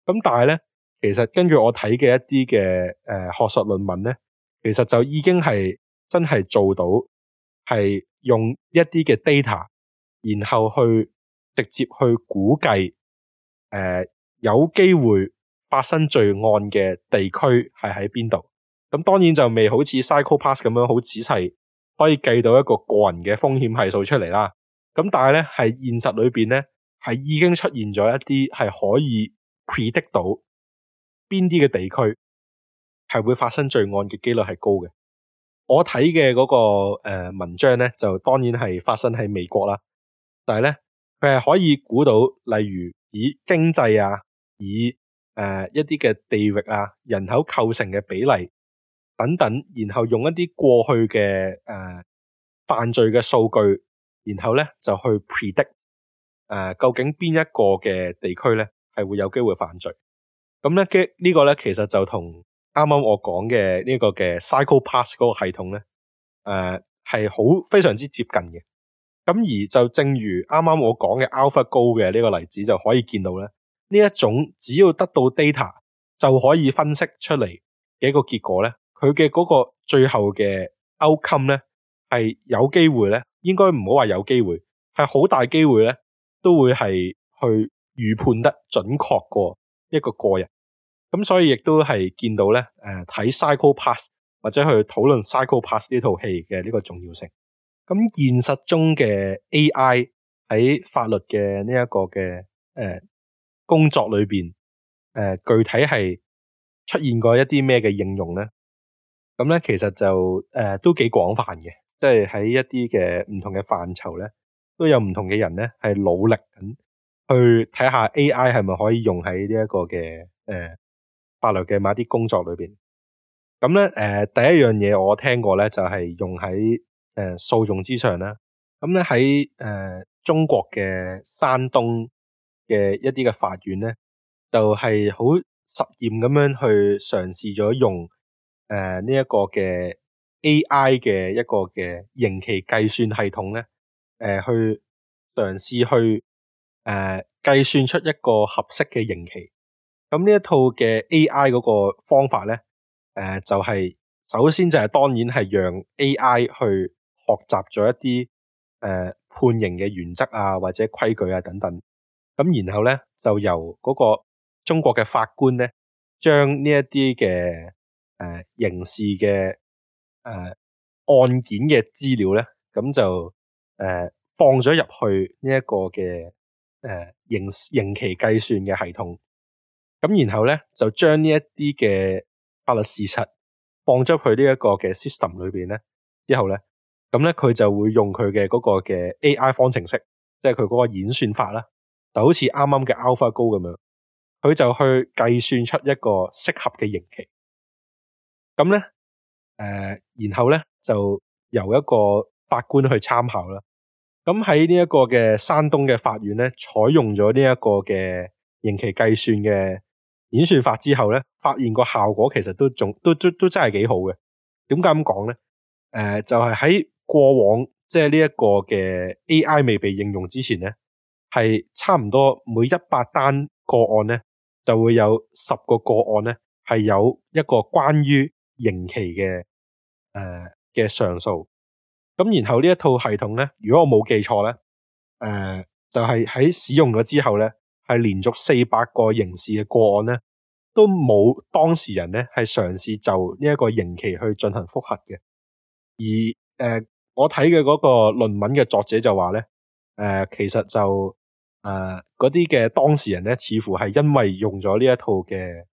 咁但係咧，其實根據我睇嘅一啲嘅誒學術論文咧，其實就已經係真係做到。係用一啲嘅 data，然後去直接去估計，誒、呃，有機會發生罪案嘅地區係喺邊度？咁當然就未好似 Psycho-Pass 咁樣好仔細，可以計到一個個人嘅風險係數出嚟啦。咁但係咧，係現實裏邊咧，係已經出現咗一啲係可以 predict 到邊啲嘅地區係會發生罪案嘅幾率係高嘅。我睇嘅嗰個誒文章咧，就當然係發生喺美國啦，但係咧佢係可以估到，例如以經濟啊，以誒、呃、一啲嘅地域啊、人口構成嘅比例等等，然後用一啲過去嘅誒、呃、犯罪嘅數據，然後咧就去 predict 誒、呃、究竟邊一個嘅地區咧係會有機會犯罪。咁咧，呢個咧其實就同。啱啱我講嘅呢個嘅 Psycho-Pass 嗰個系統咧，誒，係好非常之接近嘅。咁而就正如啱啱我講嘅 AlphaGo 嘅呢個例子，就可以見到咧，呢一種只要得到 data 就可以分析出嚟嘅一個結果咧，佢嘅嗰個最後嘅 outcome 咧係有機會咧，應該唔好話有機會，係好大機會咧，都會係去預判得準確過一個個人。咁所以亦都係見到咧，誒、呃、睇《Psycho-Pass》或者去討論《Psycho-Pass》呢套戲嘅呢個重要性。咁現實中嘅 AI 喺法律嘅呢一個嘅誒、呃、工作裏面、呃，具體係出現過一啲咩嘅應用咧？咁咧其實就誒、呃、都幾廣泛嘅，即係喺一啲嘅唔同嘅範疇咧，都有唔同嘅人咧係努力緊去睇下 AI 係咪可以用喺呢一個嘅誒、呃法律嘅某啲工作裏面，咁咧、呃、第一樣嘢我聽過咧，就係、是、用喺誒訴訟之上啦。咁咧喺誒中國嘅山東嘅一啲嘅法院咧，就係、是、好實驗咁樣去嘗試咗用誒呢、呃這個、一個嘅 AI 嘅一個嘅刑期計算系統咧、呃，去嘗試去誒計、呃、算出一個合適嘅刑期。咁呢一套嘅 A.I. 嗰個方法咧，誒、呃、就係、是、首先就係當然係讓 A.I. 去學習咗一啲誒、呃、判刑嘅原則啊，或者規矩啊等等。咁然後咧就由嗰個中國嘅法官咧，將呢一啲嘅誒刑事嘅誒、呃、案件嘅資料咧，咁就誒、呃、放咗入去呢一個嘅誒刑刑期計算嘅系統。咁然後咧就將呢一啲嘅法律事實放咗去呢一個嘅 system 裏邊咧，之後咧，咁咧佢就會用佢嘅嗰個嘅 AI 方程式，即係佢嗰個演算法啦。就好似啱啱嘅 AlphaGo 咁樣，佢就去計算出一個適合嘅刑期。咁咧，誒、呃，然後咧就由一個法官去參考啦。咁喺呢一個嘅山東嘅法院咧，採用咗呢一個嘅刑期計算嘅。演算法之後咧，發現個效果其實都仲都都都真係幾好嘅。點解咁講咧？誒、呃，就係、是、喺過往即係呢一個嘅 AI 未被應用之前咧，係差唔多每一百單個案咧，就會有十個個案咧係有一個關於刑期嘅誒嘅上訴。咁然後呢一套系統咧，如果我冇記錯咧，誒、呃、就係、是、喺使用咗之後咧。係連續四百個刑事嘅個案咧，都冇當事人咧係嘗試就呢一個刑期去進行複核嘅。而誒、呃，我睇嘅嗰個論文嘅作者就話咧，誒、呃，其實就誒嗰啲嘅當事人咧，似乎係因為用咗呢一套嘅誒、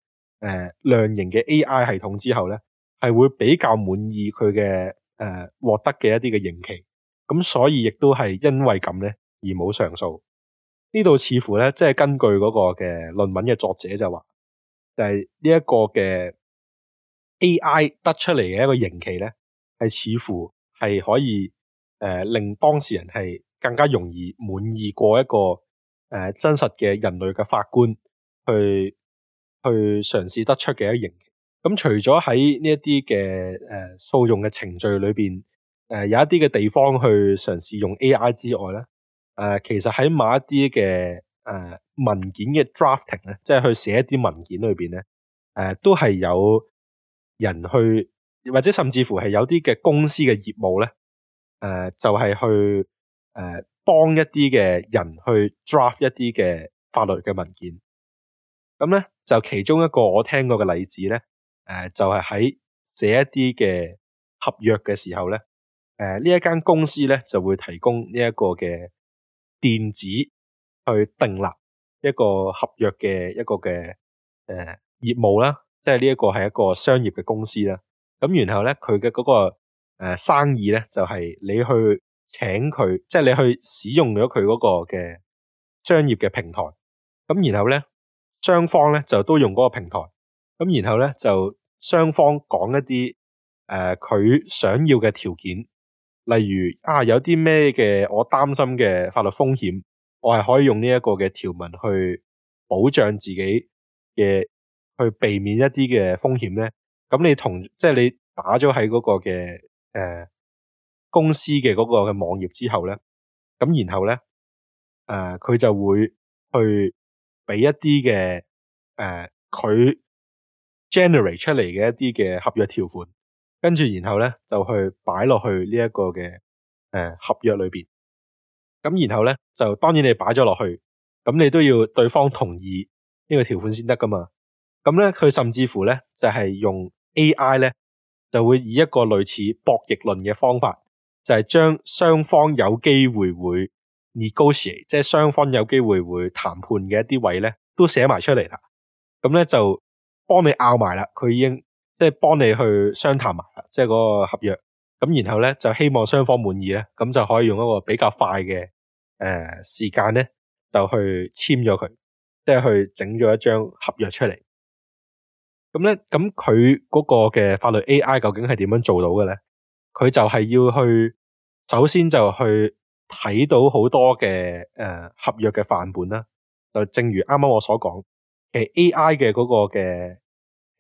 呃、量刑嘅 AI 系統之後咧，係會比較滿意佢嘅誒獲得嘅一啲嘅刑期，咁所以亦都係因為咁咧而冇上訴。呢度似乎咧，即係根據嗰個嘅論文嘅作者就話，就係呢一個嘅 AI 得出嚟嘅一個刑期咧，係似乎係可以誒、呃、令當事人係更加容易滿意過一個誒、呃、真實嘅人類嘅法官去去嘗試得出嘅一個刑期。咁、嗯、除咗喺呢一啲嘅誒訴訟嘅程序裏邊，誒、呃、有一啲嘅地方去嘗試用 AI 之外咧。誒、呃，其實喺某一啲嘅誒文件嘅 drafting 咧，即係去寫一啲文件裏邊咧，誒、呃、都係有人去，或者甚至乎係有啲嘅公司嘅業務咧，誒、呃、就係、是、去誒、呃、幫一啲嘅人去 draft 一啲嘅法律嘅文件。咁咧就其中一個我聽過嘅例子咧，誒、呃、就係、是、喺寫一啲嘅合約嘅時候咧，誒呢一間公司咧就會提供呢一個嘅。電子去訂立一個合約嘅一個嘅誒業務啦，即係呢一個係一個商業嘅公司啦。咁然後咧，佢嘅嗰個誒生意咧，就係你去請佢，即係你去使用咗佢嗰個嘅商業嘅平台。咁然後咧，雙方咧就都用嗰個平台。咁然後咧就雙方講一啲誒佢想要嘅條件。例如啊，有啲咩嘅我擔心嘅法律風險，我係可以用呢一個嘅條文去保障自己嘅，去避免一啲嘅風險咧。咁你同即係你打咗喺嗰個嘅誒、呃、公司嘅嗰個嘅網頁之後咧，咁然後咧誒佢就會去俾一啲嘅誒佢 generate 出嚟嘅一啲嘅合約條款。跟住然後咧就去擺落去呢一個嘅誒、呃、合約裏邊，咁然後咧就當然你擺咗落去，咁你都要對方同意呢個條款先得噶嘛。咁咧，佢甚至乎咧就係、是、用 A.I. 咧就會以一個類似博弈論嘅方法，就係、是、將雙方有機會會 negotiate，即係雙方有機會會談判嘅一啲位咧都寫埋出嚟啦。咁、嗯、咧就幫你拗埋啦，佢已經。即係幫你去商談埋，即係嗰個合約，咁然後咧，就希望雙方滿意咧，咁就可以用一個比較快嘅誒、呃、時間咧，就去簽咗佢，即係去整咗一張合約出嚟。咁咧，咁佢嗰個嘅法律 AI 究竟係點樣做到嘅咧？佢就係要去，首先就去睇到好多嘅誒、呃、合約嘅範本啦。就正如啱啱我所講，誒 AI 嘅嗰個嘅。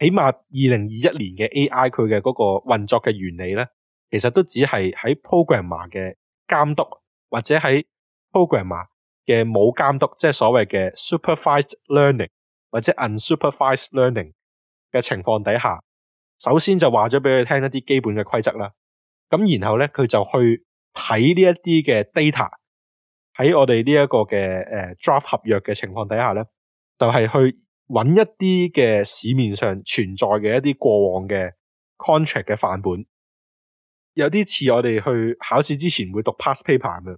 起碼二零二一年嘅 A.I. 佢嘅嗰個運作嘅原理咧，其實都只係喺 programmer 嘅監督或者喺 programmer 嘅冇監督，即係所謂嘅 supervised learning 或者 unsupervised learning 嘅情況底下，首先就話咗俾佢聽一啲基本嘅規則啦。咁然後咧，佢就去睇呢一啲嘅 data 喺我哋呢一個嘅誒 draft 合約嘅情況底下咧，就係、是、去。揾一啲嘅市面上存在嘅一啲過往嘅 contract 嘅範本，有啲似我哋去考試之前會讀 past paper 嘅，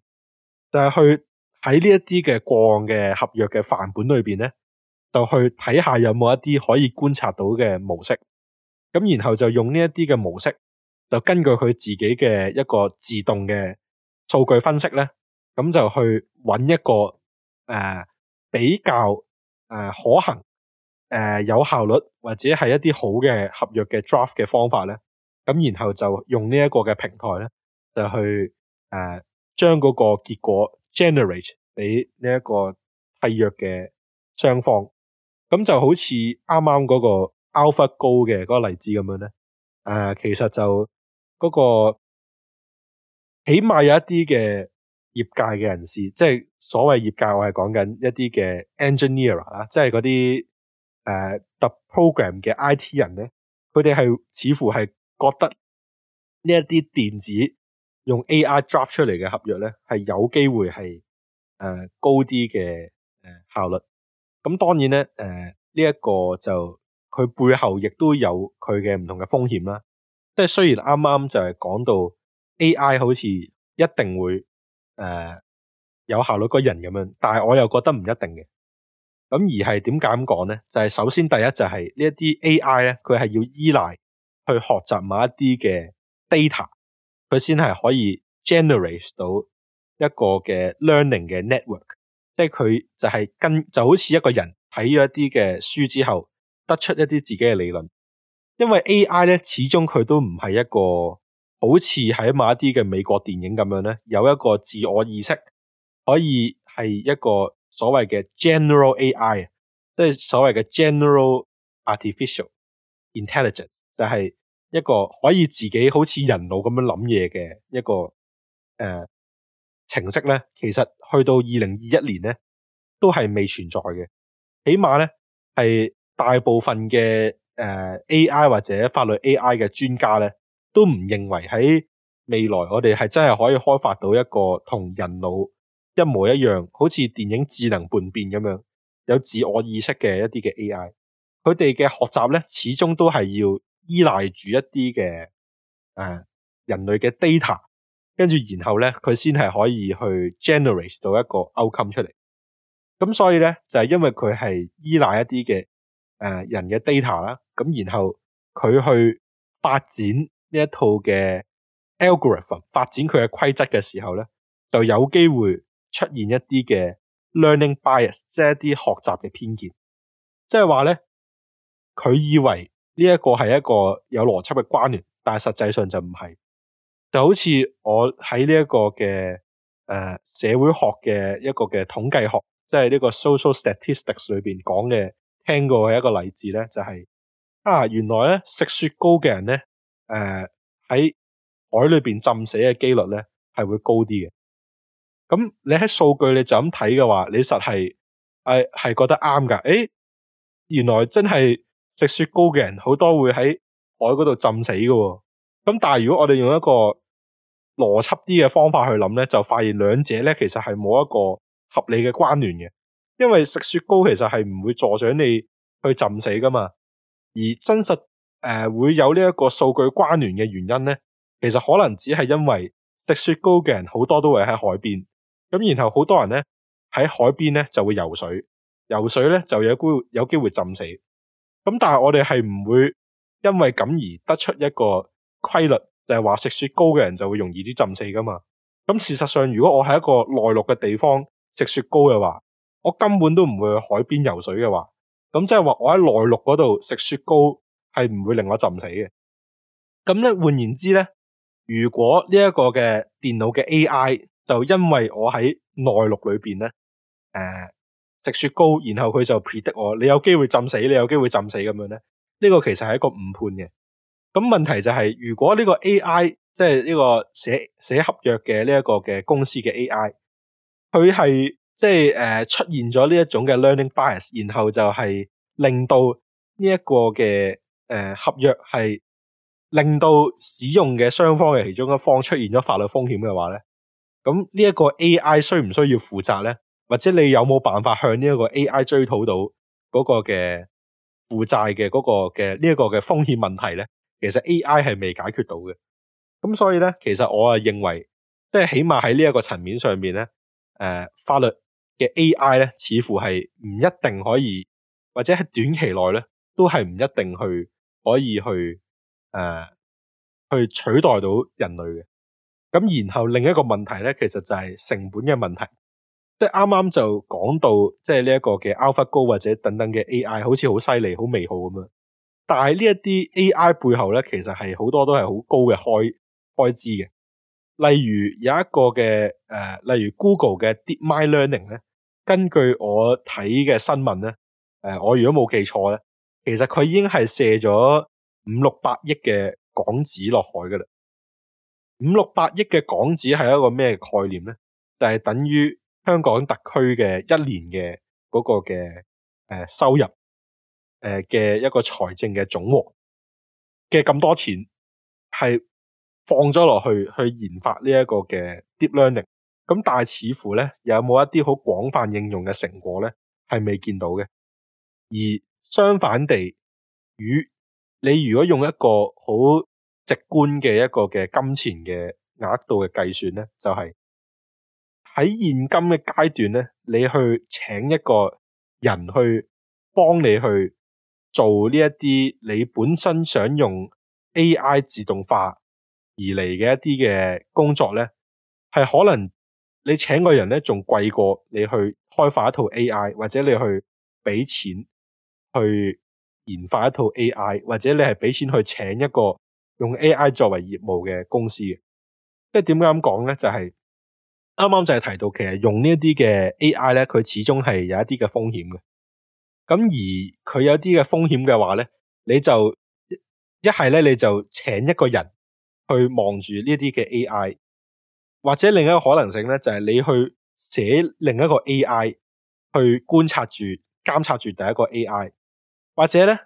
就係去喺呢一啲嘅過往嘅合約嘅範本裏邊咧，就去睇下有冇一啲可以觀察到嘅模式，咁然後就用呢一啲嘅模式，就根據佢自己嘅一個自動嘅數據分析咧，咁就去揾一個誒、呃、比較誒、呃、可行。誒、呃、有效率或者係一啲好嘅合約嘅 draft 嘅方法咧，咁然後就用呢一個嘅平台咧，就去誒將嗰個結果 generate 俾呢一個契約嘅雙方，咁就好似啱啱嗰個 Alpha Go 嘅嗰個例子咁樣咧，誒、呃、其實就嗰個起碼有一啲嘅業界嘅人士，即係所謂業界，我係講緊一啲嘅 engineer 啦、啊，即係嗰啲。誒，特 program 嘅 IT 人咧，佢哋係似乎係覺得呢一啲電子用 AI draft 出嚟嘅合約咧，係有機會係誒、uh, 高啲嘅誒效率。咁當然咧，誒呢一個就佢背後亦都有佢嘅唔同嘅風險啦。即係雖然啱啱就係講到 AI 好似一定會誒、uh, 有效率過人咁樣，但係我又覺得唔一定嘅。咁而係點解咁講呢？就係、是、首先第一就係呢一啲 A.I. 咧，佢係要依賴去學習某一啲嘅 data，佢先係可以 generate 到一個嘅 learning 嘅 network，即係佢就係跟就好似一個人睇咗一啲嘅書之後，得出一啲自己嘅理論。因為 A.I. 咧始終佢都唔係一個好似喺某一啲嘅美國電影咁樣咧，有一個自我意識，可以係一個。所謂嘅 general AI，即係所謂嘅 general artificial intelligence，就係一個可以自己好似人腦咁樣諗嘢嘅一個誒、呃、程式咧。其實去到二零二一年咧，都係未存在嘅。起碼咧，係大部分嘅誒、呃、AI 或者法律 AI 嘅專家咧，都唔認為喺未來我哋係真係可以開發到一個同人腦一模一樣，好似電影智能叛變咁樣，有自我意識嘅一啲嘅 AI，佢哋嘅學習咧始終都係要依賴住一啲嘅誒人類嘅 data，跟住然後咧佢先係可以去 generate 到一個 outcome 出嚟。咁所以咧就係、是、因為佢係依賴一啲嘅誒人嘅 data 啦、啊，咁然後佢去發展呢一套嘅 algorithm，發展佢嘅規則嘅時候咧就有機會。出現一啲嘅 learning bias，即係一啲學習嘅偏見，即係話咧，佢以為呢一個係一個有邏輯嘅關聯，但係實際上就唔係，就好似我喺呢一個嘅誒、呃、社會學嘅一個嘅統計學，即係呢個 social statistics 裏邊講嘅聽過嘅一個例子咧，就係、是、啊原來咧食雪糕嘅人咧，誒、呃、喺海裏邊浸死嘅幾率咧係會高啲嘅。咁你喺數據你就咁睇嘅話，你實係誒係覺得啱噶？誒、欸，原來真係食雪糕嘅人好多會喺海嗰度浸死喎、哦。咁但係如果我哋用一個邏輯啲嘅方法去諗咧，就發現兩者咧其實係冇一個合理嘅關聯嘅，因為食雪糕其實係唔會助長你去浸死噶嘛。而真實誒、呃、會有呢一個數據關聯嘅原因咧，其實可能只係因為食雪糕嘅人好多都會喺海邊。咁然後好多人咧喺海邊咧就會游水，游水咧就有機會有機會浸死。咁但係我哋係唔會因為咁而得出一個規律，就係話食雪糕嘅人就會容易啲浸死噶嘛。咁事實上，如果我喺一個內陸嘅地方食雪糕嘅話，我根本都唔會去海邊游水嘅話，咁即係話我喺內陸嗰度食雪糕係唔會令我浸死嘅。咁咧換言之咧，如果呢一個嘅電腦嘅 AI。就因為我喺內陸裏邊咧，誒、呃、食雪糕，然後佢就 predict 我，你有機會浸死，你有機會浸死咁樣咧，呢、這個其實係一個誤判嘅。咁問題就係、是，如果呢個 A.I. 即係呢個寫寫合約嘅呢一個嘅公司嘅 A.I. 佢係即係誒、呃、出現咗呢一種嘅 learning bias，然後就係令到呢一個嘅誒、呃、合約係令到使用嘅雙方嘅其中一方出現咗法律風險嘅話咧。咁呢一個 AI 需唔需要負責咧？或者你有冇辦法向呢一個 AI 追討到嗰個嘅負債嘅嗰個嘅呢一個嘅風險問題咧？其實 AI 係未解決到嘅。咁所以咧，其實我啊認為，即係起碼喺呢一個層面上面咧，誒、呃、法律嘅 AI 咧，似乎係唔一定可以，或者喺短期內咧，都係唔一定去可以去誒、呃、去取代到人類嘅。咁然後另一個問題咧，其實就係成本嘅問題，即係啱啱就講到即係呢一個嘅 Alpha Go 或者等等嘅 AI，好似好犀利、好美好咁樣。但係呢一啲 AI 背後咧，其實係好多都係好高嘅開開支嘅。例如有一個嘅誒、呃，例如 Google 嘅 Deep Mind Learning 咧，根據我睇嘅新聞咧，誒、呃，我如果冇記錯咧，其實佢已經係卸咗五六百億嘅港紙落海噶啦。五六百億嘅港紙係一個咩概念咧？就係等於香港特區嘅一年嘅嗰個嘅誒收入誒嘅一個財政嘅總和嘅咁多錢係放咗落去去研發呢一個嘅 deep learning，咁但係似乎咧有冇一啲好廣泛應用嘅成果咧係未見到嘅，而相反地，與你如果用一個好。直觀嘅一個嘅金錢嘅額度嘅計算咧，就係喺現今嘅階段咧，你去請一個人去幫你去做呢一啲你本身想用 AI 自動化而嚟嘅一啲嘅工作咧，係可能你請個人咧仲貴過你去開發一套 AI，或者你去俾錢去研發一套 AI，或者你係俾錢去請一個。用 AI 作為業務嘅公司嘅即係點解咁講呢？就係啱啱就係提到，其實用呢一啲嘅 AI 呢，佢始終係有一啲嘅風險嘅。咁而佢有啲嘅風險嘅話呢，你就一係呢，是你就請一個人去望住呢啲嘅 AI，或者另一個可能性呢，就係、是、你去寫另一個 AI 去觀察住、監察住第一個 AI，或者呢，誒、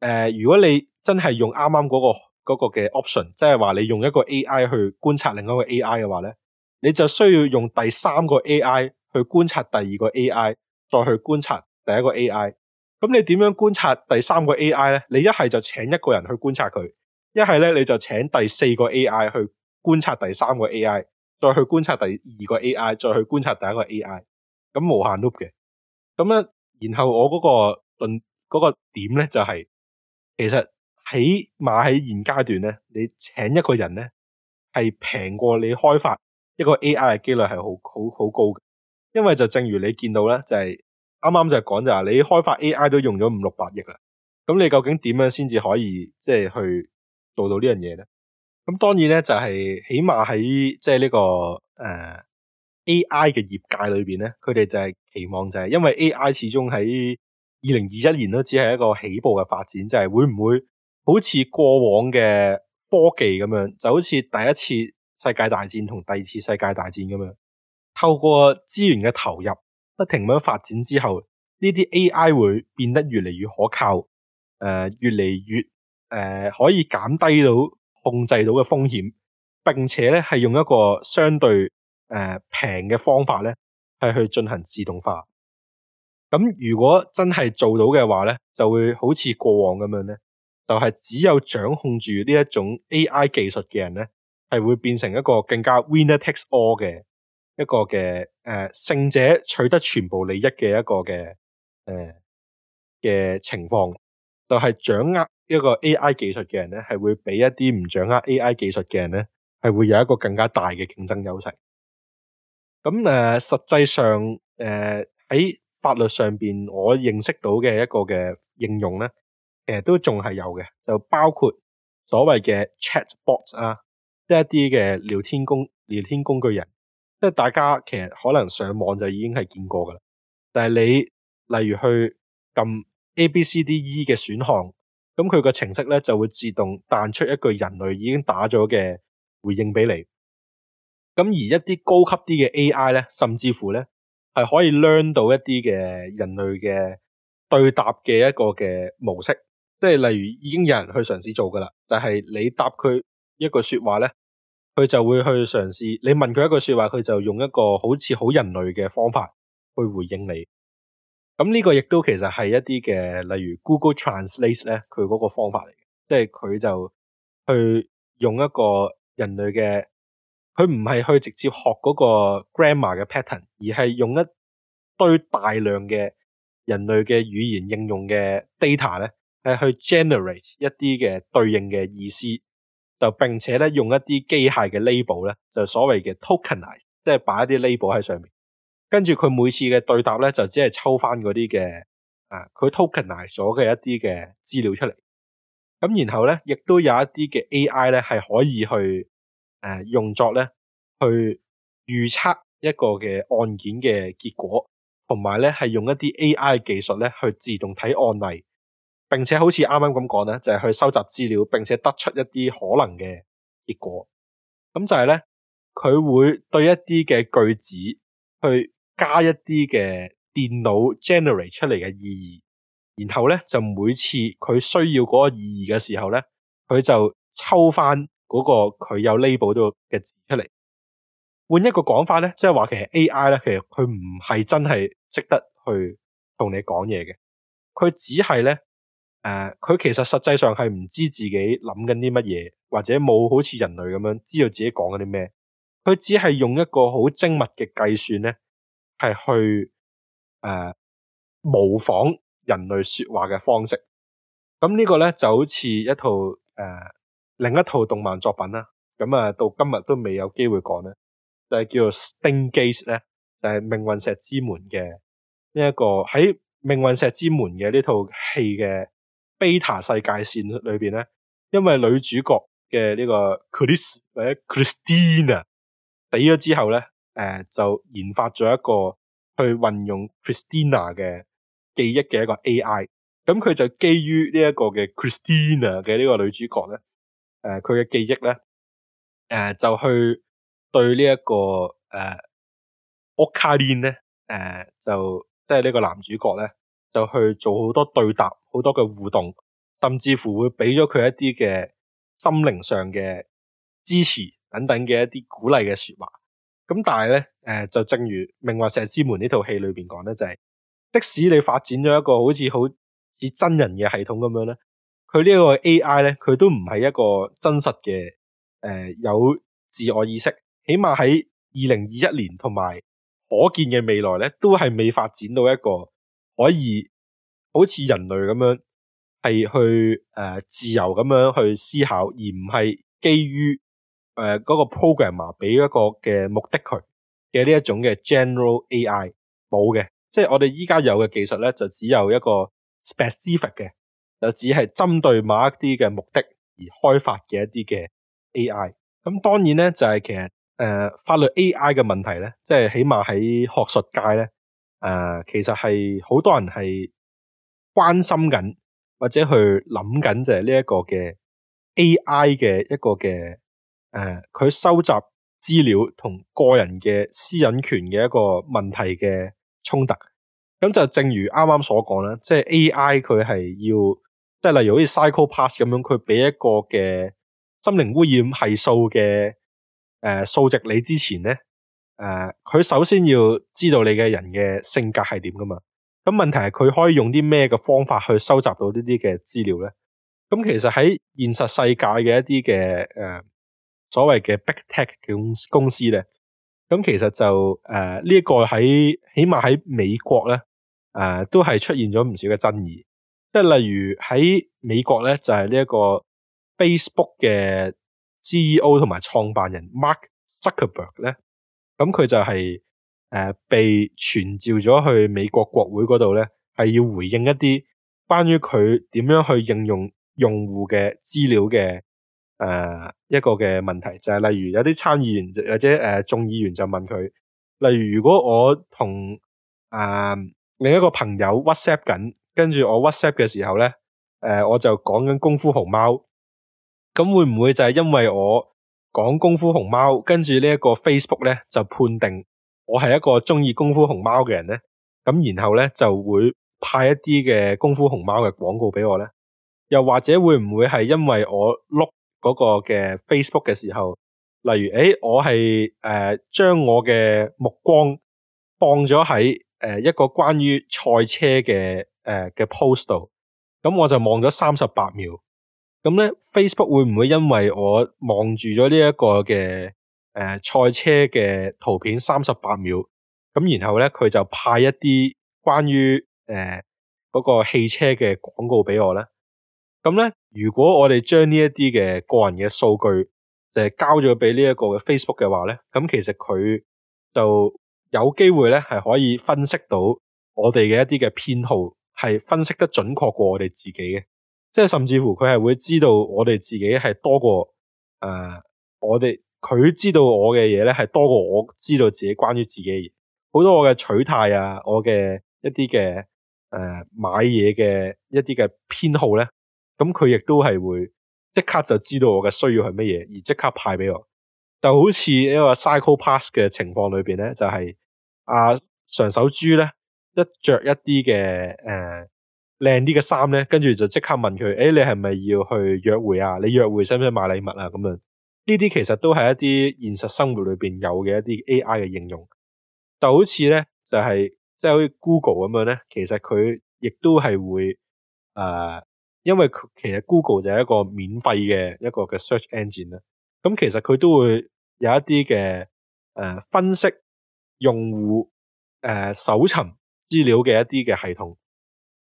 呃，如果你真係用啱啱嗰個。嗰個嘅 option，即係話你用一個 AI 去觀察另一個 AI 嘅話咧，你就需要用第三個 AI 去觀察第二個 AI，再去觀察第一個 AI。咁你點樣觀察第三個 AI 咧？你一係就請一個人去觀察佢，一係咧你就請第四個 AI 去觀察第三個 AI，再去觀察第二個 AI，再去觀察第一個 AI, 一個 AI。咁無限 loop 嘅。咁咧，然後我嗰個論嗰個點咧就係，其實，起碼喺現階段咧，你請一個人咧係平過你開發一個 AI 嘅機率係好好好高嘅，因為就正如你見到咧，就係啱啱就講就話你開發 AI 都用咗五六百億啦。咁你究竟點樣先至可以即係、就是、去做到呢樣嘢咧？咁當然咧就係、是、起碼喺即係呢個誒、呃、AI 嘅業界裏面咧，佢哋就係期望就係、是、因為 AI 始終喺二零二一年都只係一個起步嘅發展，就係、是、會唔會？好似過往嘅科技咁樣，就好似第一次世界大戰同第二次世界大戰咁樣，透過資源嘅投入，不停咁樣發展之後，呢啲 A.I. 會變得越嚟越可靠，誒、呃，越嚟越誒、呃、可以減低到控制到嘅風險，並且咧係用一個相對誒平嘅方法咧，係去進行自動化。咁如果真係做到嘅話咧，就會好似過往咁樣咧。就係、是、只有掌控住呢一種 AI 技術嘅人咧，係會變成一個更加 winner takes all 嘅一個嘅誒、呃、勝者取得全部利益嘅一個嘅誒嘅情況。就係、是、掌握一個 AI 技術嘅人咧，係會比一啲唔掌握 AI 技術嘅人咧，係會有一個更加大嘅競爭優勢。咁誒、呃，實際上誒喺、呃、法律上面，我認識到嘅一個嘅應用咧。其實都仲係有嘅，就包括所謂嘅 chatbot 啊，即係一啲嘅聊天工聊天工具人，即係大家其實可能上網就已經係見過噶啦。但係你例如去撳 A、B、C、D、E 嘅選項，咁佢個程式咧就會自動彈出一句人類已經打咗嘅回應俾你。咁而一啲高級啲嘅 AI 咧，甚至乎咧係可以 learn 到一啲嘅人類嘅對答嘅一個嘅模式。即係例如已經有人去嘗試做噶啦，就係你答佢一句說話咧，佢就會去嘗試。你問佢一句說話，佢就用一個好似好人類嘅方法去回應你。咁呢個亦都其實係一啲嘅，例如 Google Translate 咧，佢嗰個方法嚟嘅，即係佢就去用一個人類嘅，佢唔係去直接學嗰個 grammar 嘅 pattern，而係用一堆大量嘅人類嘅語言應用嘅 data 咧。誒，去 generate 一啲嘅對應嘅意思，就並且咧用一啲機械嘅 label 咧，就所謂嘅 tokenize，即係擺一啲 label 喺上面，跟住佢每次嘅對答咧就只係抽翻嗰啲嘅啊、佢 tokenize 咗嘅一啲嘅資料出嚟。咁然後咧，亦都有一啲嘅 AI 咧係可以去誒、啊、用作咧去預測一個嘅案件嘅結果，同埋咧係用一啲 AI 技術咧去自動睇案例。並且好似啱啱咁講咧，就係去收集資料，並且得出一啲可能嘅結果。咁就係咧，佢會對一啲嘅句子去加一啲嘅電腦 generate 出嚟嘅意義，然後咧就每次佢需要嗰個意義嘅時候咧，佢就抽翻嗰個佢有 label 到嘅字出嚟。換一個講法咧，即係話其實 AI 咧，其實佢唔係真係識得去同你講嘢嘅，佢只係咧。誒，佢其實實際上係唔知自己諗緊啲乜嘢，或者冇好似人類咁樣知道自己講緊啲咩，佢只係用一個好精密嘅計算咧，係去誒、uh, 模仿人類說話嘅方式。咁呢個咧就好似一套誒、uh, 另一套動漫作品啦。咁啊，到今日都未有機會講咧，就係叫做《Stein;Gate》咧，就係《命運石之門》嘅呢一個喺《命運石之門》嘅呢套戲嘅。beta 世界線裏邊咧，因為女主角嘅呢個 Chris 或者 Christina 死咗之後咧，誒、呃、就研發咗一個去運用 Christina 嘅記憶嘅一個 AI，咁佢、嗯、就基於呢一個嘅 Christina 嘅呢個女主角咧，誒佢嘅記憶咧，誒、呃、就去對、這個呃 Ocarin、呢一個誒 o c a r i n 咧，誒、呃、就即係呢個男主角咧。就去做好多對答，好多嘅互動，甚至乎會俾咗佢一啲嘅心靈上嘅支持，等等嘅一啲鼓勵嘅說話。咁但係咧，誒、呃，就正如《命運石之門》呢套戲裏邊講咧，就係即使你發展咗一個好似好似真人嘅系統咁樣咧，佢呢個 AI 咧，佢都唔係一個真實嘅，誒、呃，有自我意識，起碼喺二零二一年同埋可見嘅未來咧，都係未發展到一個。可以好似人類咁樣係去誒、呃、自由咁樣去思考，而唔係基於誒嗰個 programmer 啊俾一個嘅目的佢嘅呢一種嘅 general AI 冇嘅，即係我哋依家有嘅技術咧，就只有一個 specific 嘅，就只係針對某一啲嘅目的而開發嘅一啲嘅 AI。咁當然咧，就係、是、其實誒、呃、法律 AI 嘅問題咧，即係起碼喺學術界咧。誒、呃，其實係好多人係關心緊或者去諗緊就係呢一個嘅 AI 嘅一個嘅誒，佢、呃、收集資料同個人嘅私隱權嘅一個問題嘅衝突。咁就正如啱啱所講啦，即係 AI 佢係要，即係例如好似 Psycho-Pass 咁樣，佢俾一個嘅心靈污染係數嘅誒、呃、數值你之前咧。誒、啊，佢首先要知道你嘅人嘅性格係點噶嘛？咁問題係佢可以用啲咩嘅方法去收集到呢啲嘅資料咧？咁其實喺現實世界嘅一啲嘅誒所謂嘅 Big Tech 嘅公司咧，咁其實就誒呢一個喺起碼喺美國咧誒、啊、都係出現咗唔少嘅爭議，即係例如喺美國咧就係呢一個 Facebook 嘅 CEO 同埋創辦人 Mark Zuckerberg 咧。咁佢就係、是、誒、呃、被傳召咗去美國國會嗰度咧，係要回應一啲關於佢點樣去應用用戶嘅資料嘅誒、呃、一個嘅問題，就係、是、例如有啲參議員或者誒眾、呃、議員就問佢，例如如果我同啊、呃、另一個朋友 WhatsApp 緊，跟住我 WhatsApp 嘅時候咧，誒、呃、我就講緊功夫熊貓，咁會唔會就係因為我？講功夫熊貓，跟住呢一個 Facebook 咧就判定我係一個中意功夫熊貓嘅人咧，咁然後咧就會派一啲嘅功夫熊貓嘅廣告俾我咧，又或者會唔會係因為我碌嗰個嘅 Facebook 嘅時候，例如誒我係誒、呃、將我嘅目光放咗喺誒一個關於賽車嘅誒嘅 post 度，咁、呃、我就望咗三十八秒。咁咧，Facebook 會唔會因為我望住咗呢一個嘅誒賽車嘅圖片三十八秒，咁然後咧佢就派一啲關於誒嗰個汽車嘅廣告俾我咧？咁咧，如果我哋將呢一啲嘅個人嘅數據誒、呃、交咗俾呢一個嘅 Facebook 嘅話咧，咁其實佢就有機會咧係可以分析到我哋嘅一啲嘅偏好，係分析得準確過我哋自己嘅。即係甚至乎佢係會知道我哋自己係多過誒，我哋佢知道我嘅嘢咧，係多過我知道自己關於自己嘅嘢，好多我嘅取態啊，我嘅一啲嘅誒買嘢嘅一啲嘅偏好咧，咁佢亦都係會即刻就知道我嘅需要係乜嘢，而即刻派俾我，就好似一個 Psycho-Pass 嘅情況裏邊咧，就係阿常守朱咧一着一啲嘅誒。呃靚啲嘅衫咧，跟住就即刻問佢，誒、哎，你係咪要去約會啊？你約會使唔使買禮物啊？咁樣呢啲其實都係一啲現實生活裏邊有嘅一啲 AI 嘅應用。就好似咧，就係即係好似 Google 咁樣咧，其實佢亦都係會誒、呃，因為其實 Google 就係一個免費嘅一個嘅 search engine 啦。咁、嗯、其實佢都會有一啲嘅誒分析用戶誒、呃、搜尋資料嘅一啲嘅系統。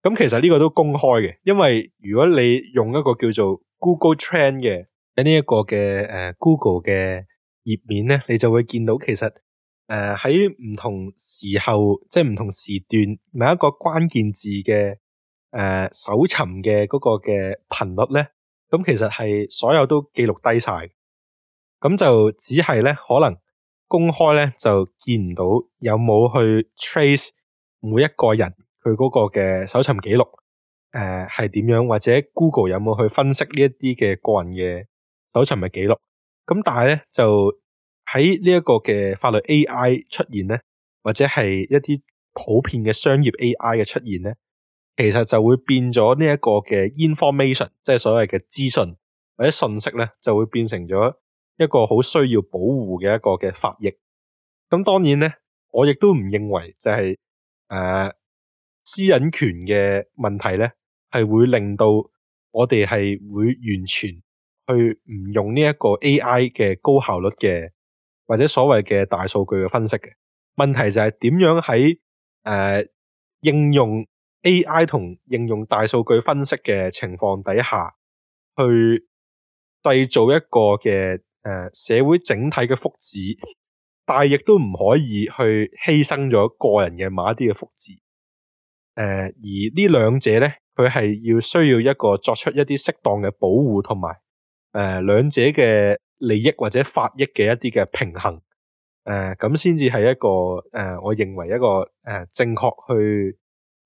咁其實呢個都公開嘅，因為如果你用一個叫做 Google Trend 嘅喺、呃、呢一個嘅 Google 嘅頁面咧，你就會見到其實誒喺唔同時候，即係唔同時段，某一個關鍵字嘅誒、呃、搜尋嘅嗰個嘅頻率咧，咁其實係所有都記錄低晒。咁就只係咧可能公開咧就見唔到有冇去 trace 每一個人。佢嗰個嘅搜尋記錄，誒係點樣？或者 Google 有冇去分析呢一啲嘅個人嘅搜尋嘅記錄？咁但係咧，就喺呢一個嘅法律 AI 出現咧，或者係一啲普遍嘅商業 AI 嘅出現咧，其實就會變咗呢一個嘅 information，即係所謂嘅資訊或者信息咧，就會變成咗一個好需要保護嘅一個嘅法益。咁當然咧，我亦都唔認為就係、是、誒。呃私隱權嘅問題咧，係會令到我哋係會完全去唔用呢一個 AI 嘅高效率嘅，或者所謂嘅大數據嘅分析嘅問題就係點樣喺誒、呃、應用 AI 同應用大數據分析嘅情況底下去締造一個嘅誒、呃、社會整體嘅福祉，但亦都唔可以去犧牲咗個人嘅某一啲嘅福祉。誒、呃，而呢兩者咧，佢係要需要一個作出一啲適當嘅保護，同埋誒兩者嘅利益或者法益嘅一啲嘅平衡。誒、呃，咁先至係一個誒、呃，我認為一個誒、呃、正確去誒、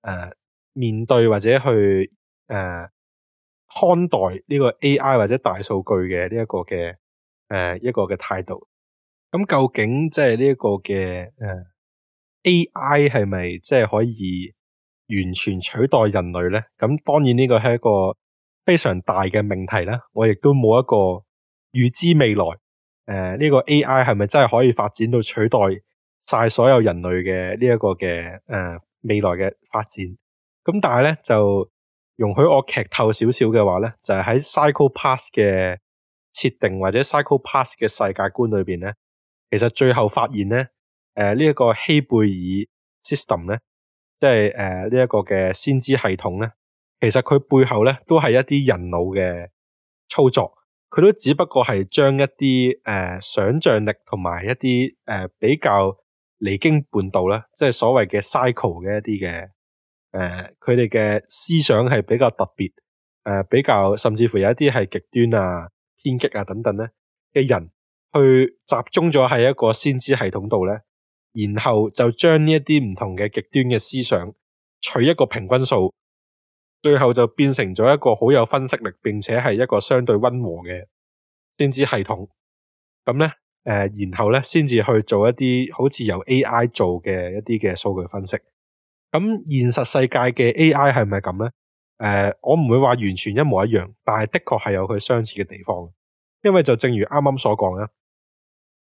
呃、面對或者去誒、呃、看待呢個 AI 或者大數據嘅呢、呃、一個嘅誒一個嘅態度。咁究竟即係呢一個嘅誒 AI 係咪即係可以？完全取代人類咧，咁當然呢個係一個非常大嘅命題啦。我亦都冇一個預知未來，誒、呃、呢、這個 A.I. 係咪真係可以發展到取代晒所有人類嘅呢一個嘅誒、呃、未來嘅發展？咁但係咧就容許我劇透少少嘅話咧，就係喺 Psycho-Pass 嘅設定或者 Psycho-Pass 嘅世界觀裏邊咧，其實最後發現咧，誒、呃這個、呢一個希貝爾 System 咧。即係誒，呢、呃、一、這個嘅先知系統咧，其實佢背後咧都係一啲人腦嘅操作，佢都只不過係將一啲誒、呃、想象力同埋一啲誒、呃、比較離經叛道啦，即係所謂嘅 Psycho 嘅一啲嘅誒，佢哋嘅思想係比較特別，誒、呃、比較甚至乎有一啲係極端啊、偏激啊等等咧嘅人去集中咗喺一個先知系統度咧。然後就將呢一啲唔同嘅極端嘅思想取一個平均數，最後就變成咗一個好有分析力，並且係一個相對溫和嘅先知系統。咁咧，誒、呃，然後咧先至去做一啲好似由 AI 做嘅一啲嘅數據分析。咁現實世界嘅 AI 係咪咁咧？誒、呃，我唔會話完全一模一樣，但係的確係有佢相似嘅地方。因為就正如啱啱所講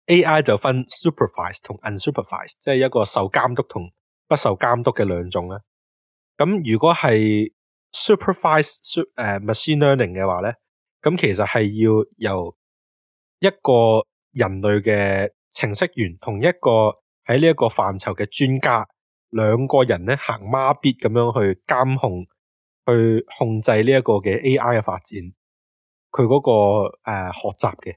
A.I. 就分 supervised 同 unsupervised，即係一個受監督同不受監督嘅兩種啦。咁如果係 supervised machine learning 嘅話咧，咁其實係要由一個人類嘅程式員同一個喺呢一個範疇嘅專家兩個人咧行孖咇咁樣去監控、去控制呢一個嘅 A.I. 嘅發展，佢嗰、那個誒、呃、學習嘅。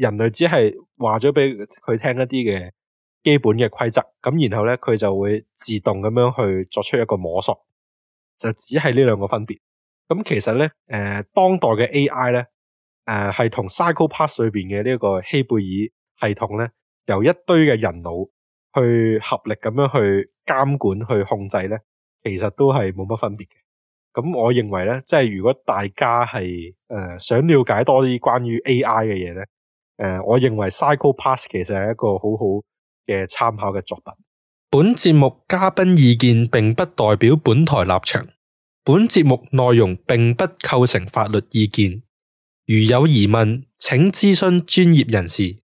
人類只係話咗俾佢聽一啲嘅基本嘅規則，咁然後咧佢就會自動咁樣去作出一個摸索，就只係呢兩個分別。咁其實咧，誒當代嘅 AI 咧，誒係同 Psycho-Pass 裏邊嘅呢一個希貝爾系統咧，由一堆嘅人腦去合力咁樣去監管、去控制咧，其實都係冇乜分別嘅。咁我認為咧，即係如果大家係誒想了解多啲關於 AI 嘅嘢咧。誒，我認為《Psycho-Pass》其實係一個很好好嘅參考嘅作品。本節目嘉賓意見並不代表本台立場，本節目內容並不構成法律意見。如有疑問，請諮詢專業人士。